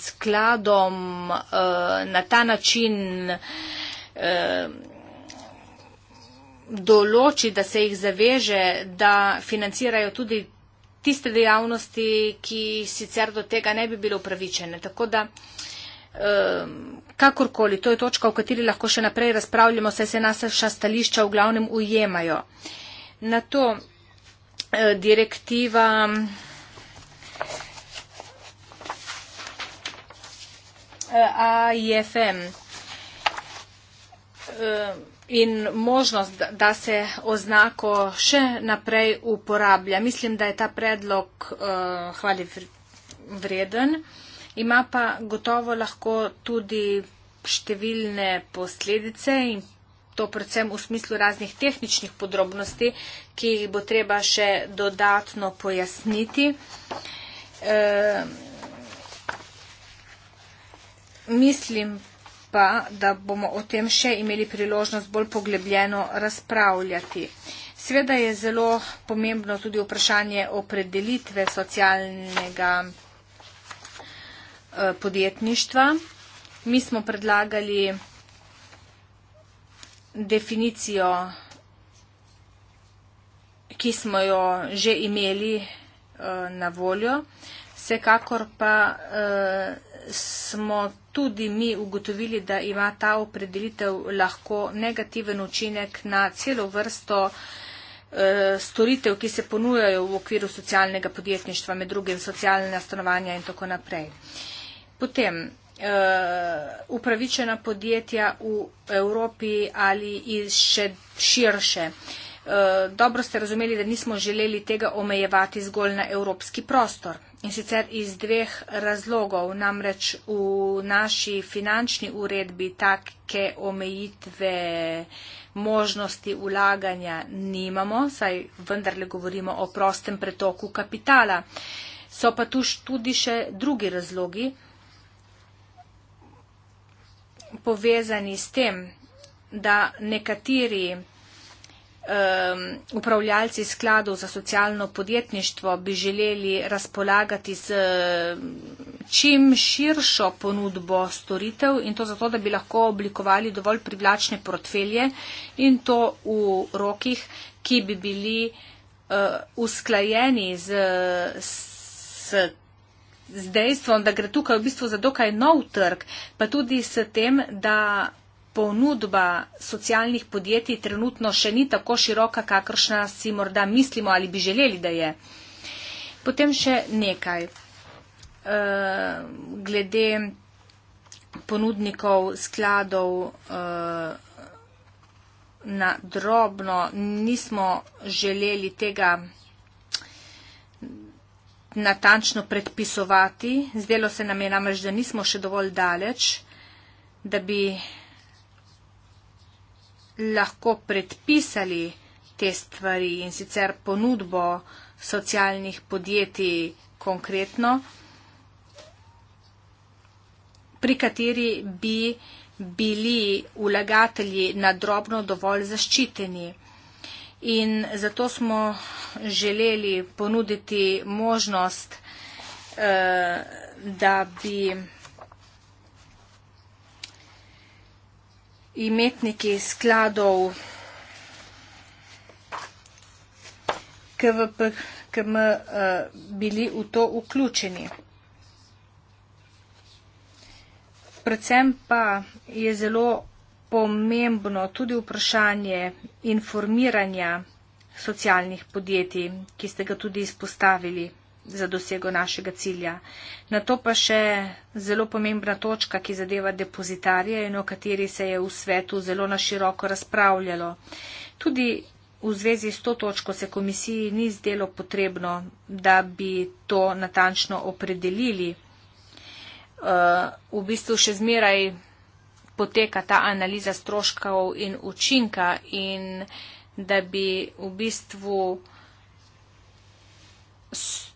C: skladom e, na ta način Ehm, določi, da se jih zaveže, da financirajo tudi tiste dejavnosti, ki sicer do tega ne bi bilo upravičene. Tako da, ehm, kakorkoli, to je točka, o kateri lahko še naprej razpravljamo, saj se naša stališča v glavnem ujemajo. Na to eh, direktiva. Eh, AIFM uh, Eh, in možnost, da se oznako še naprej uporablja. Mislim, da je ta predlog eh, hvali vreden. Ima pa gotovo lahko tudi številne posledice in to predvsem v smislu raznih tehničnih podrobnosti, ki jih bo treba še dodatno pojasniti. E, mislim pa, da bomo o tem še imeli priložnost bolj poglebljeno razpravljati. Sveda je zelo pomembno tudi vprašanje opredelitve socialnega eh, podjetništva. Mi smo predlagali definicijo, ki smo jo že imeli eh, na voljo. Vsekakor pa eh, smo tudi mi ugotovili, da ima ta opredelitev lahko negativen učinek na celo vrsto eh, storitev, ki se ponujajo v okviru socialnega podjetništva, med drugim socialne stanovanja in tako naprej. Potem, eh, upravičena podjetja v Evropi ali še širše. Eh, dobro ste razumeli, da nismo želeli tega omejevati zgolj na evropski prostor. In sicer iz dveh razlogov, namreč v naši finančni uredbi take omejitve možnosti ulaganja nimamo, saj vendarle govorimo o prostem pretoku kapitala. So pa tu tudi še drugi razlogi povezani s tem, da nekateri um, upravljalci skladov za socialno podjetništvo bi želeli razpolagati z um, čim širšo ponudbo storitev in to zato, da bi lahko oblikovali dovolj privlačne portfelje in to v rokih, ki bi bili uh, usklajeni z. s z dejstvom, da gre tukaj v bistvu za dokaj nov trg, pa tudi s tem, da ponudba socialnih podjetij trenutno še ni tako široka, kakršna si morda mislimo ali bi želeli, da je. Potem še nekaj. E, glede ponudnikov skladov e, na drobno nismo želeli tega natančno predpisovati. Zdelo se nam je namreč, da nismo še dovolj daleč, da bi lahko predpisali te stvari in sicer ponudbo socialnih podjetij konkretno, pri kateri bi bili vlagatelji nadrobno dovolj zaščiteni. In zato smo želeli ponuditi možnost, eh, da bi imetniki skladov KVP, KM uh, eh, bili v to vključeni. Predvsem pa je zelo pomembno tudi vprašanje informiranja socialnih podjetij, ki ste ga tudi izpostavili za dosego našega cilja. Na to pa še zelo pomembna točka, ki zadeva depozitarje in o kateri se je v svetu zelo naširoko razpravljalo. Tudi v zvezi s to točko se komisiji ni zdelo potrebno, da bi to natančno opredelili. Eh, v bistvu še zmeraj poteka ta analiza stroškov in učinka in da bi v bistvu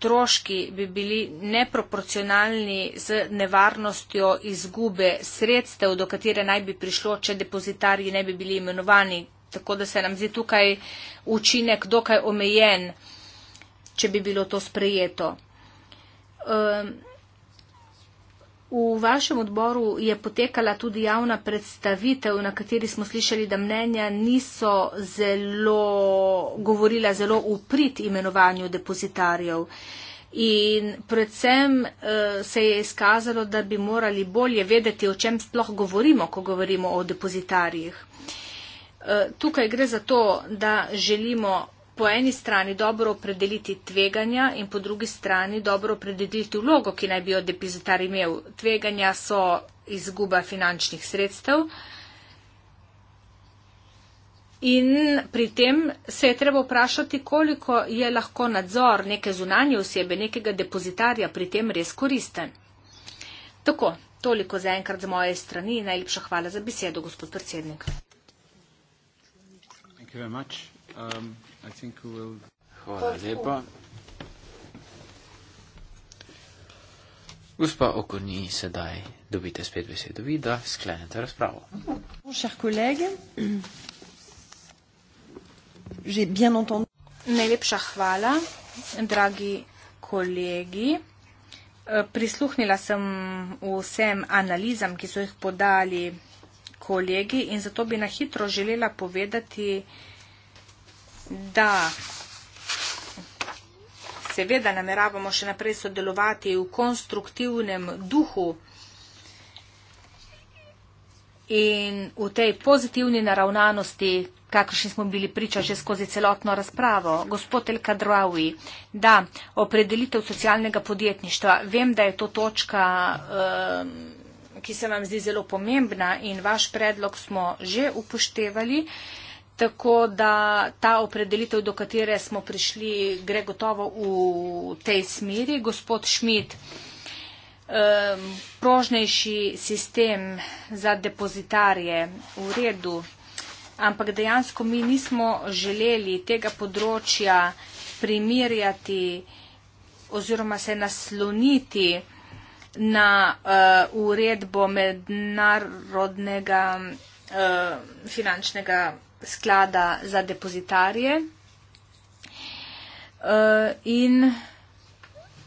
C: stroški bi bili neproporcionalni z nevarnostjo izgube sredstev, do katere naj bi prišlo, če depozitarji ne bi bili imenovani. Tako da se nam zdi tukaj učinek dokaj omejen, če bi bilo to sprejeto. Um, V vašem odboru je potekala tudi javna predstavitev, na kateri smo slišali, da mnenja niso zelo govorila zelo uprit imenovanju depozitarjev. In predvsem eh, se je izkazalo, da bi morali bolje vedeti, o čem sploh govorimo, ko govorimo o depozitarjih. Eh, tukaj gre za to, da želimo po eni strani dobro opredeliti tveganja in po drugi strani dobro opredeliti vlogo, ki naj bi jo depozitar imel. Tveganja so izguba finančnih sredstev. In pri tem se je treba vprašati, koliko je lahko nadzor neke zunanje osebe, nekega depozitarja pri tem res koristen. Tako, toliko za enkrat z moje strani. Najlepša hvala za besedo, gospod predsednik.
A: Thank you very much. Um... Hvala lepa. Gospa Okoni, sedaj dobite spet besedo vi, da sklenete razpravo.
C: Najlepša hvala, dragi kolegi. Prisluhnila sem vsem analizam, ki so jih podali kolegi in zato bi na hitro želela povedati, da da seveda nameravamo še naprej sodelovati v konstruktivnem duhu in v tej pozitivni naravnanosti, kakršni smo bili priča že skozi celotno razpravo. Gospod El Kadrawi, da, opredelitev socialnega podjetništva, vem, da je to točka, ehm, ki se vam zdi zelo pomembna in vaš predlog smo že upoštevali. Tako da ta opredelitev, do katere smo prišli, gre gotovo v tej smeri. Gospod Šmit, um, prožnejši sistem za depozitarje v redu, ampak dejansko mi nismo želeli tega področja primirjati oziroma se nasloniti na uh, uredbo mednarodnega uh, finančnega sklada za depozitarje eh, in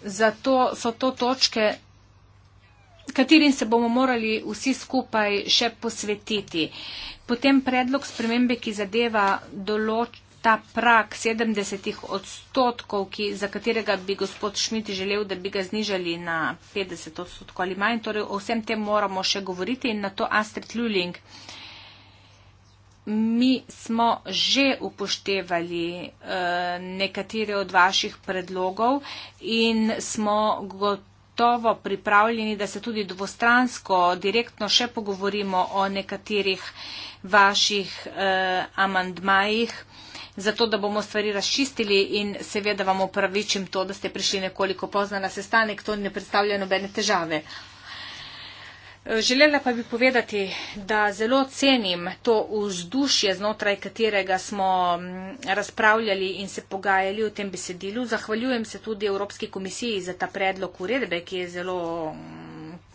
C: zato so to točke, katerim se bomo morali vsi skupaj še posvetiti. Potem predlog spremembe, ki zadeva določ, ta prak 70 odstotkov, ki, za katerega bi gospod Šmit želel, da bi ga znižali na 50 odstotkov ali manj. Torej, o vsem tem moramo še govoriti in na to Astrid Luling. Uh, mi smo že upoštevali eh, nekatere od vaših predlogov in smo gotovo pripravljeni, da se tudi dvostransko, direktno še pogovorimo o nekaterih vaših eh, amandmajih. Zato, da bomo stvari razčistili in seveda vam opravičim to, da ste prišli nekoliko pozna na sestanek, to ne predstavlja nobene težave. Želela pa bi povedati, da zelo cenim to vzdušje, znotraj katerega smo mm, razpravljali in se pogajali v tem besedilu. Zahvaljujem se tudi Evropski komisiji za ta predlog uredbe, ki je zelo mm,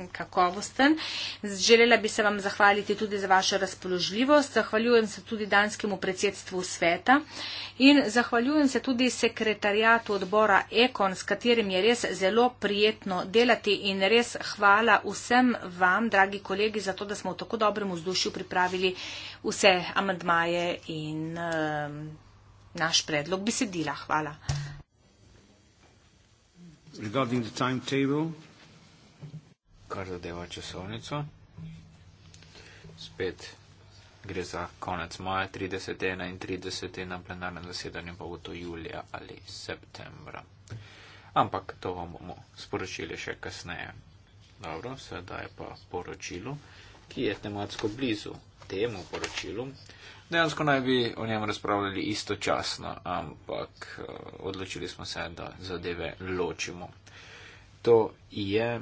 C: kakovosten. Želela bi se vam zahvaliti tudi za vašo razpoložljivost. Zahvaljujem se tudi danskemu predsedstvu sveta in zahvaljujem se tudi sekretarjatu odbora Ekon, s katerim je res zelo prijetno delati in res hvala vsem vam, dragi kolegi, za to, da smo v tako dobrem vzdušju pripravili vse amadmaje in um, naš predlog besedila. Hvala.
A: regarding the timetable kar zadeva časovnico. Spet gre za konec maja 31 in 30 na plenarnem zasedanju, pa bo to julija ali septembra. Ampak to vam bomo sporočili še kasneje. Dobro, sedaj pa poročilo, ki je tematsko blizu temu poročilu. Dejansko naj bi o njem razpravljali istočasno, ampak eh, odločili smo se, da zadeve ločimo. To je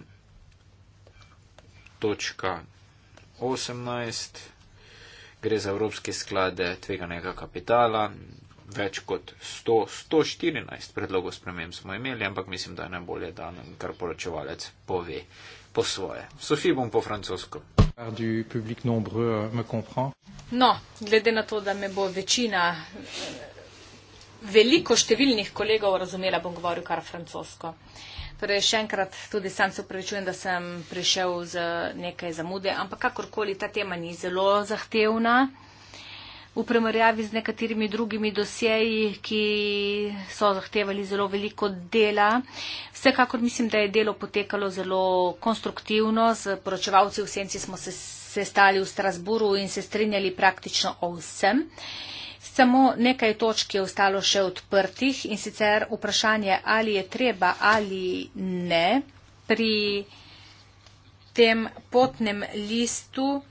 A: 2.18 gre za evropske sklade tveganega kapitala. Več kot 100, 114 predlogov sprememb smo imeli, ampak mislim, da je najbolje, da nam kar poročevalec pove po svoje. Sofi bom po francosko. Euh,
C: no, glede na to, da me bo večina veliko številnih kolegov razumela, bom govoril kar francosko. Uh, Torej, še enkrat tudi sam se upravičujem, da sem prišel z nekaj zamude, ampak kakorkoli ta tema ni zelo zahtevna. V primerjavi z nekaterimi drugimi dosjeji, ki so zahtevali zelo veliko dela, vsekakor mislim, da je delo potekalo zelo konstruktivno. Z poročevalci v Senci smo se, se stali v Strasburu in se strinjali praktično o vsem. Uh, Samo nekaj točk je ostalo še odprtih in sicer vprašanje, ali je treba ali ne pri tem potnem listu uh,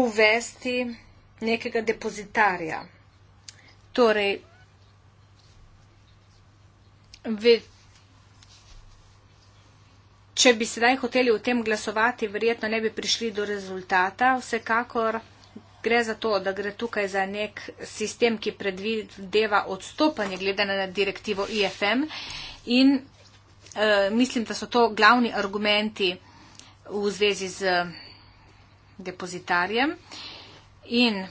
C: uvesti nekega depozitarja. Torej, če bi sedaj hoteli v tem glasovati, verjetno ne bi prišli do rezultata. Vsekakor gre za to, da gre tukaj za nek sistem, ki predvideva odstopanje glede na direktivo IFM in e, mislim, da so to glavni argumenti v zvezi z depozitarjem. In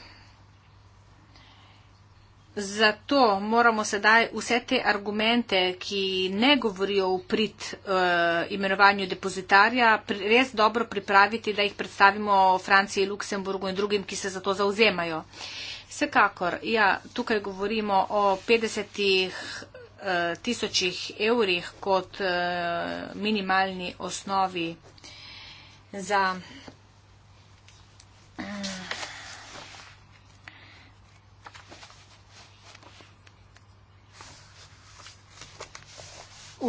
C: Zato moramo sedaj vse te argumente, ki ne govorijo v prid uh, imenovanju depozitarja, pri, res dobro pripraviti, da jih predstavimo Franciji, Luksemburgu in drugim, ki se za to zauzemajo. Vsekakor, ja, tukaj govorimo o 50 uh, eh, tisočih evrih kot uh, minimalni osnovi za. Uh,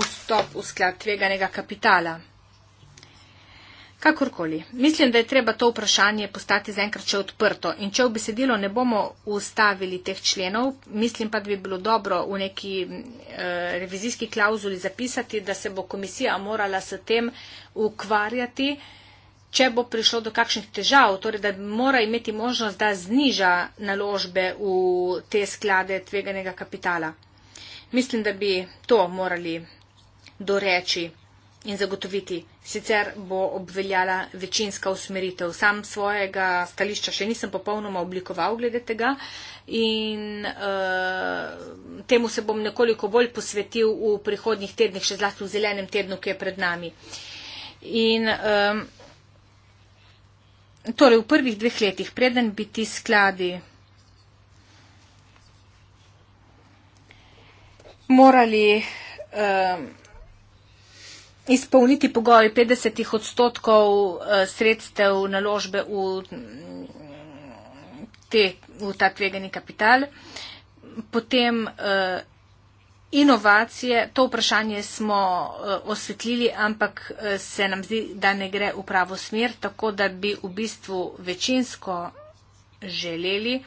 C: vstop v sklad tveganega kapitala. Kakorkoli, mislim, da je treba to vprašanje postati zaenkrat še odprto in če v besedilo ne bomo ustavili teh členov, mislim pa, da bi bilo dobro v neki eh, revizijski klauzuli zapisati, da se bo komisija morala s tem ukvarjati, če bo prišlo do kakšnih težav, torej da mora imeti možnost, da zniža naložbe v te sklade tveganega kapitala. Mislim, da bi to morali doreči in zagotoviti. Sicer bo obveljala večinska usmeritev. Sam svojega stališča še nisem popolnoma oblikoval glede tega in uh, temu se bom nekoliko bolj posvetil v prihodnjih tednih, še zlasti v zelenem tednu, ki je pred nami. In, um, torej, v prvih dveh letih, preden bi ti skladi morali um, izpolniti pogoj 50 odstotkov eh, sredstev naložbe v, te, v ta tvegani kapital. Potem eh, inovacije, to vprašanje smo eh, osvetlili, ampak se nam zdi, da ne gre v pravo smer, tako da bi v bistvu večinsko želeli,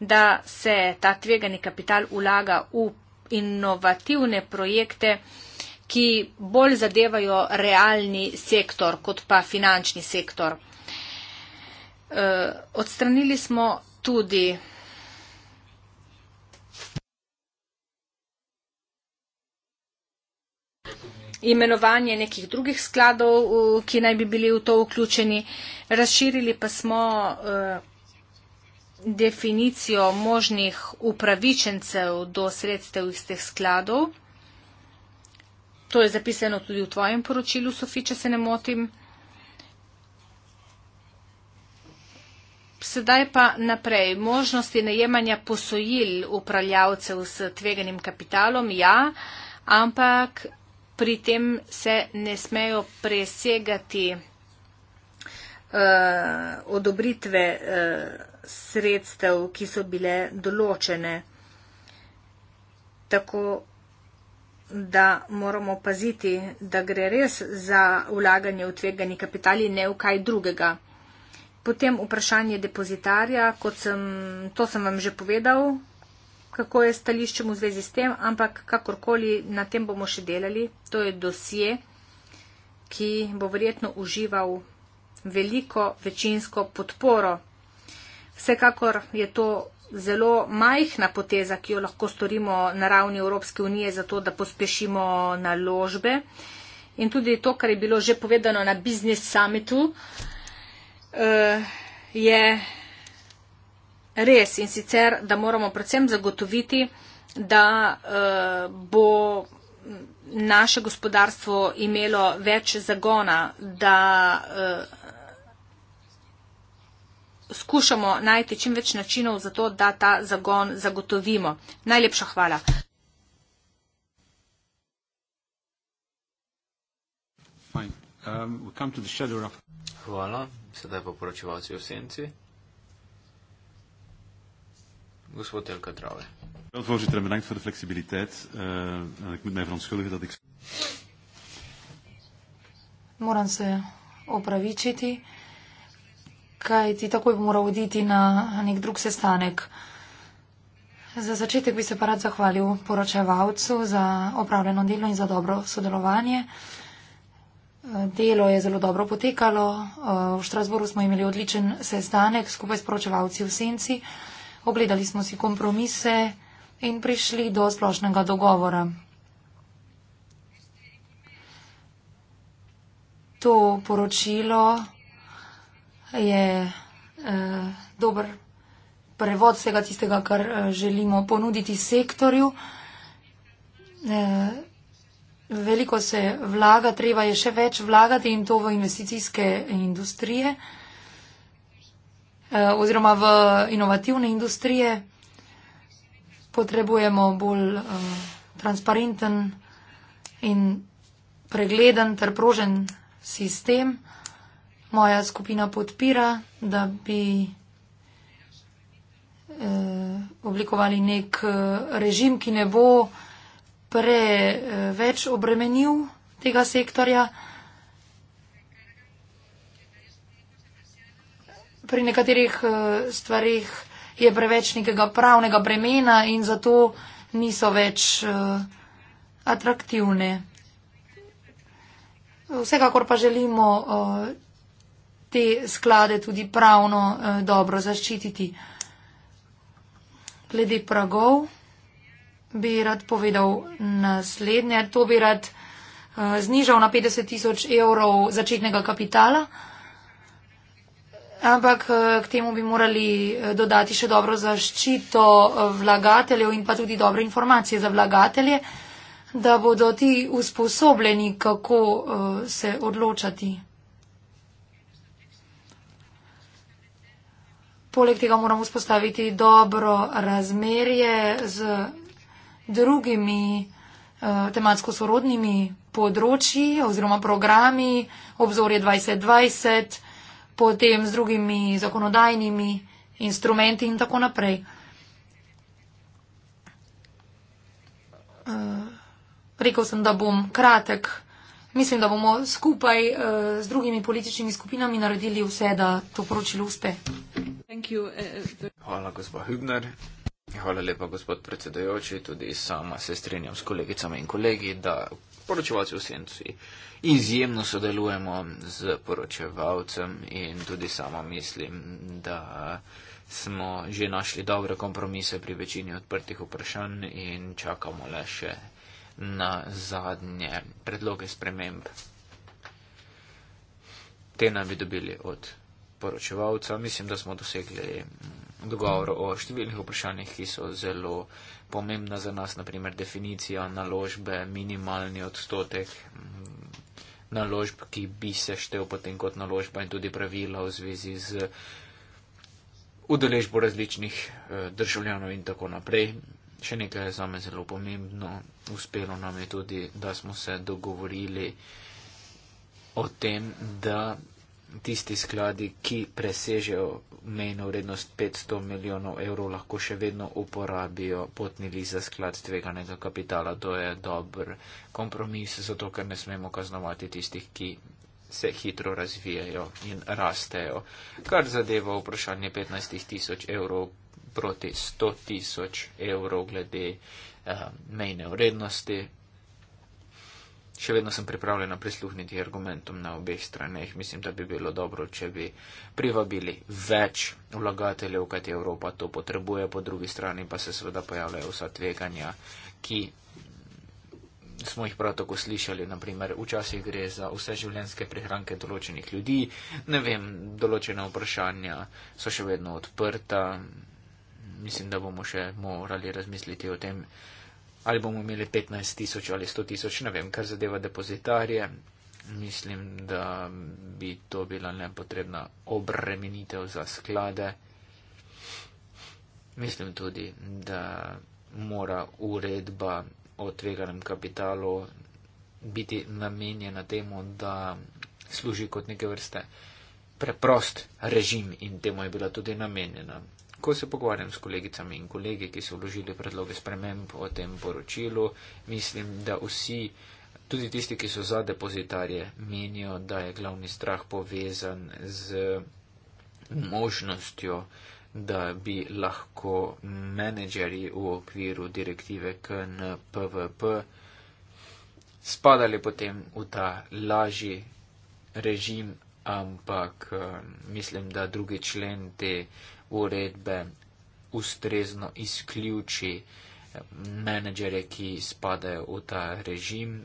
C: da se ta tvegani kapital vlaga v inovativne projekte, ki bolj zadevajo realni sektor kot pa finančni sektor. Eh, odstranili smo tudi. Imenovanje nekih drugih skladov, ki naj bi bili v to vključeni. Razširili pa smo eh, definicijo možnih upravičencev do sredstev iz teh skladov. To je zapisano tudi v tvojem poročilu, Sofi, če se ne motim. Sedaj pa naprej. Možnosti najemanja posojil upravljavcev s tveganim kapitalom, ja, ampak pri tem se ne smejo presegati uh, odobritve uh, sredstev, ki so bile določene. Tako da moramo paziti, da gre res za vlaganje v tvegani kapital in ne v kaj drugega. Potem vprašanje depozitarja, kot sem, to sem vam že povedal, kako je stališčem v zvezi s tem, ampak kakorkoli na tem bomo še delali, to je dosje, ki bo verjetno užival veliko večinsko podporo. Vsekakor je to zelo majhna poteza, ki jo lahko storimo na ravni Evropske unije, zato da pospešimo naložbe. In tudi to, kar je bilo že povedano na Business Summitu, eh, je res in sicer, da moramo predvsem zagotoviti, da eh, bo naše gospodarstvo imelo več zagona, da eh, skušamo najti čim več načinov za to, da ta zagon zagotovimo. Najlepša hvala.
A: Um, of... Hvala. Sedaj pa poročevalci v senci. Gospod Elka Drave. Wel, voorzitter,
B: en bedankt voor de flexibiliteit. Uh, ik moet mij verontschuldigen dat ik. Moran se opravičiti kaj ti takoj bi moral oditi na nek drug sestanek. Za začetek bi se pa rad zahvalil poročevalcu za opravljeno delo in za dobro sodelovanje. Delo je zelo dobro potekalo. V Štrasboru smo imeli odličen sestanek skupaj s poročevalci v Senci. Ogledali smo si kompromise in prišli do splošnega dogovora. To poročilo je eh, dober prevod vsega tistega, kar eh, želimo ponuditi sektorju. Eh, veliko se vlaga, treba je še več vlagati in to v investicijske industrije eh, oziroma v inovativne industrije. Potrebujemo bolj eh, transparenten in pregleden ter prožen sistem moja skupina podpira, da bi eh, oblikovali nek eh, režim, ki ne bo preveč eh, obremenil tega sektorja. Pri nekaterih eh, stvarih je preveč nekega pravnega bremena in zato niso več eh, atraktivne. Vsekakor pa želimo eh, te sklade tudi pravno eh, dobro zaščititi. Glede pragov bi rad povedal naslednje. To bi rad eh, znižal na 50 tisoč evrov začetnega kapitala, ampak eh, k temu bi morali eh, dodati še dobro zaščito eh, vlagateljev in pa tudi dobre informacije za vlagatelje, da bodo ti usposobljeni, kako eh, se odločati. poleg tega moramo vzpostaviti dobro razmerje z drugimi uh, tematsko sorodnimi področji oziroma programi, obzorje 2020, potem z drugimi zakonodajnimi instrumenti in tako naprej. Uh, rekel sem, da bom kratek. Mislim, da bomo skupaj uh, z drugimi političnimi skupinami naredili vse, da to poročilo uspe.
C: Eh, eh,
A: Hvala, gospod Hübner. Hvala lepa, gospod predsedajoči. Tudi sama se strinjam s kolegicami in kolegi, da poročevalci v senci izjemno sodelujemo z poročevalcem in tudi sama mislim, da smo že našli dobre kompromise pri večini odprtih vprašanj in čakamo le še na zadnje predloge sprememb. Te naj bi dobili od poročevalca. Mislim, da smo dosegli mm, dogovor o številnih vprašanjih, ki so zelo pomembna za nas, naprimer definicija naložbe, minimalni odstotek mm, naložb, ki bi se štev potem kot naložba in tudi pravila v zvezi z udeležbo različnih eh, državljanov in tako naprej. Še nekaj je zame zelo pomembno. Uspelo nam je tudi, da smo se dogovorili o tem, da tisti skladi, ki presežejo mejno vrednost 500 milijonov evrov, lahko še vedno uporabijo potni list za sklad tveganega kapitala. To je dober kompromis, zato ker ne smemo kaznovati tistih, ki se hitro razvijajo in rastejo. Kar zadeva vprašanje 15 tisoč evrov proti 100 tisoč evrov glede eh, mejne vrednosti, Še vedno sem pripravljena prisluhniti argumentom na obeh straneh. Mislim, da bi bilo dobro, če bi privabili več vlagateljev, kajti Evropa to potrebuje, po drugi strani pa se seveda pojavljajo vsa tveganja, ki smo jih prav tako slišali. Naprimer, včasih gre za vse življenske prihranke določenih ljudi, ne vem, določena vprašanja so še vedno odprta. Mislim, da bomo še morali razmisliti o tem, ali bomo imeli 15 tisoč ali 100 tisoč, ne vem, kar zadeva depozitarje. Mislim, da bi to bila nepotrebna obremenitev za sklade. Mislim tudi, da mora uredba o tveganem kapitalu biti namenjena temu, da služi kot neke vrste preprost režim in temu je bila tudi namenjena. Ko se pogovarjam s kolegicami in kolegi, ki so vložili predloge sprememb o tem poročilu, mislim, da vsi, tudi tisti, ki so za depozitarje, menijo, da je glavni strah povezan z možnostjo, da bi lahko menedžeri v okviru direktive KNPVP spadali potem v ta lažji režim, ampak eh, mislim, da drugi člen te uredbe ustrezno izključi eh, menedžere, ki spadajo v ta režim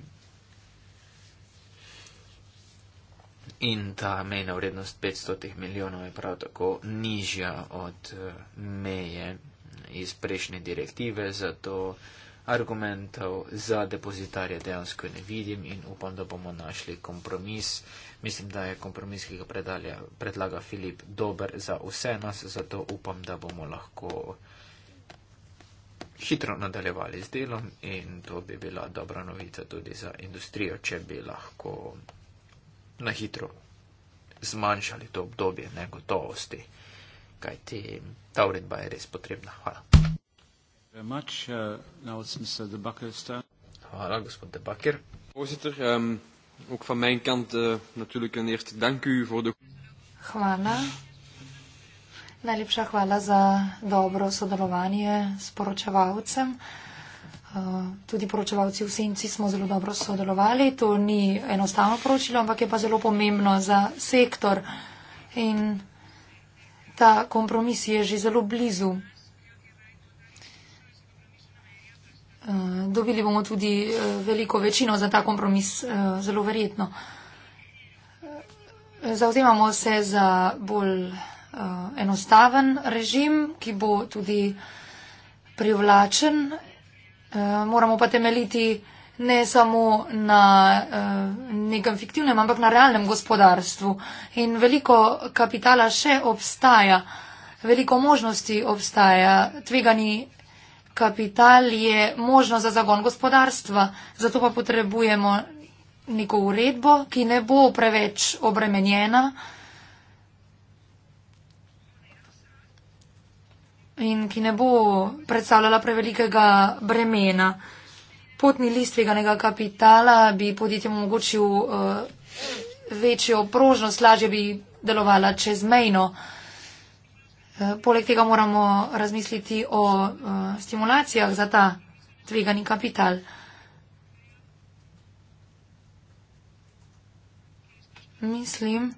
A: in ta mejna vrednost 500 milijonov je prav tako nižja od eh, meje iz prejšnje direktive, zato argumentov za depozitarje dejansko ne vidim in upam, da bomo našli kompromis. Mislim, da je kompromis, ki ga predalja, predlaga Filip, dober za vse nas, zato upam, da bomo lahko hitro nadaljevali z delom in to bi bila dobra novica tudi za industrijo, če bi lahko na hitro zmanjšali to obdobje negotovosti, kajti ta uredba je res potrebna. Hvala. Uh, Hvala, gospod Debakir. Voorzitter, um, Ook van mijn kant uh, natuurlijk een eerste dank u voor de.
B: Hvala. Najlepša hvala za dobro sodelovanje s poročevalcem. Uh, tudi poročevalci v Senci smo zelo dobro sodelovali. To ni enostavno poročilo, ampak je pa zelo pomembno za sektor. In ta kompromis je že zelo blizu. Eh, dobili bomo tudi eh, veliko večino za ta kompromis, eh, zelo verjetno. Zauzemamo se za bolj enostaven režim, ki bo tudi privlačen. Moramo pa temeljiti ne samo na nekem fiktivnem, ampak na realnem gospodarstvu. In veliko kapitala še obstaja, veliko možnosti obstaja, tvegani Kapital je možno za zagon gospodarstva, zato pa potrebujemo neko uredbo, ki ne bo preveč obremenjena. In ki ne bo predstavljala prevelikega bremena. Potni list veganega kapitala bi podjetjem omogočil uh, večjo prožnost, lažje bi delovala čezmejno. Uh, Eh, poleg tega moramo razmisliti o eh, stimulacijah za ta tvegani kapital. Mislim,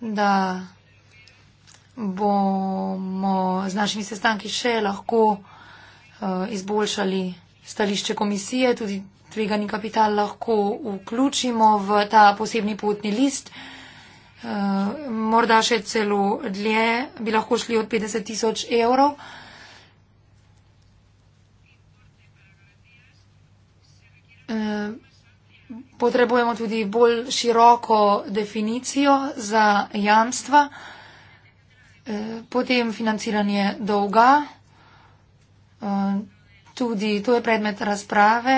B: da bomo z našimi sestanki še lahko eh, izboljšali stališče komisije, tudi tvegani kapital lahko vključimo v ta posebni potni list. Eh, morda še celo dlje, bi lahko šli od 50 tisoč evrov. Eh, potrebujemo tudi bolj široko definicijo za jamstva, eh, potem financiranje dolga. Tudi to je predmet razprave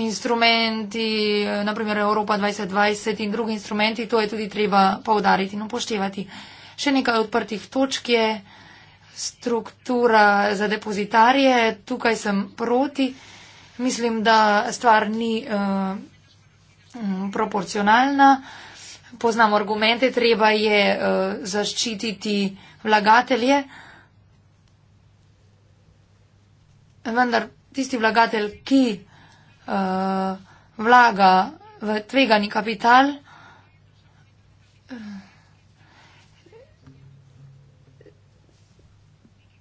B: instrumenti, naprimer Evropa 2020 in drugi instrumenti, to je tudi treba povdariti in upoštevati. Še nekaj odprtih točk je struktura za depozitarje. Tukaj sem proti. Mislim, da stvar ni uh, proporcionalna. Poznam argumente, treba je uh, zaščititi vlagatelje. Vendar tisti vlagatelj, ki uh, vlaga v tvegani kapital,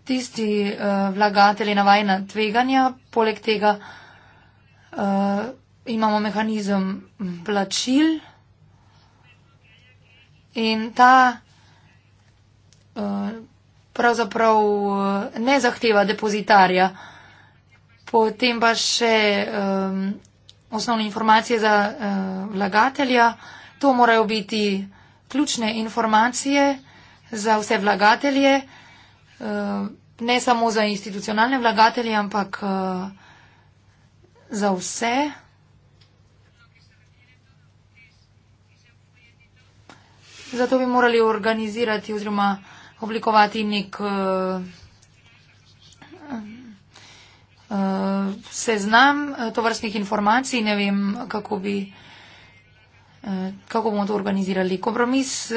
B: tisti uh, vlagatelji navajna tveganja, poleg tega uh, imamo mehanizem plačil in ta uh, pravzaprav uh, ne zahteva depozitarja. Potem pa še um, osnovne informacije za uh, vlagatelja. To morajo biti ključne informacije za vse vlagatelje, uh, ne samo za institucionalne vlagatelje, ampak uh, za vse. Zato bi morali organizirati oziroma oblikovati nek. Uh, Eh, seznam eh, tovrstnih informacij, ne vem, kako, bi, eh, kako bomo to organizirali. Kompromis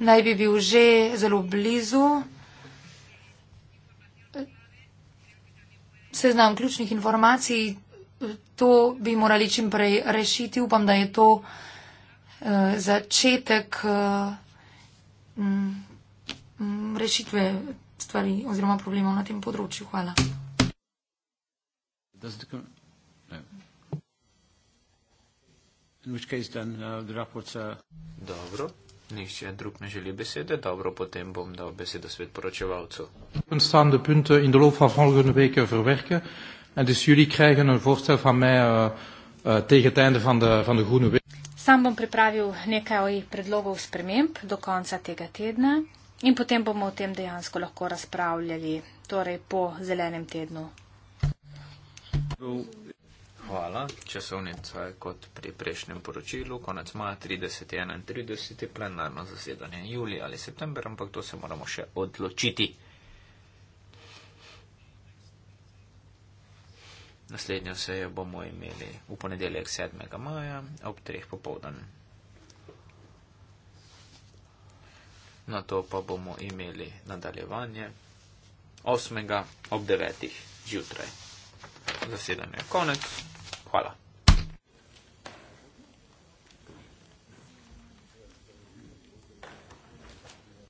B: naj bi bil že zelo blizu. Seznam ključnih informacij, to bi morali čim prej rešiti. Upam, da je to začetek mm, mm, rešitve stvari oziroma problemov na tem področju. Hvala.
A: Does the no. In which case then uh, the reports are. Dobro. Nihče drug ne želi besede, dobro, potem bom dal besedo svet poročevalcu. Eh, eh,
C: Sam bom pripravil nekaj predlogov sprememb do konca tega tedna in potem bomo o tem dejansko lahko razpravljali, torej po zelenem tednu
A: Hvala. Časovnica je kot pri prejšnjem poročilu, konec maja 30. 31. plenarno zasedanje julija ali september, ampak to se moramo še odločiti. Naslednjo sejo bomo imeli v ponedeljek 7. maja ob 3. popovdan. Na to pa bomo imeli nadaljevanje 8. ob 9. zjutraj zasedanje konec. Hvala.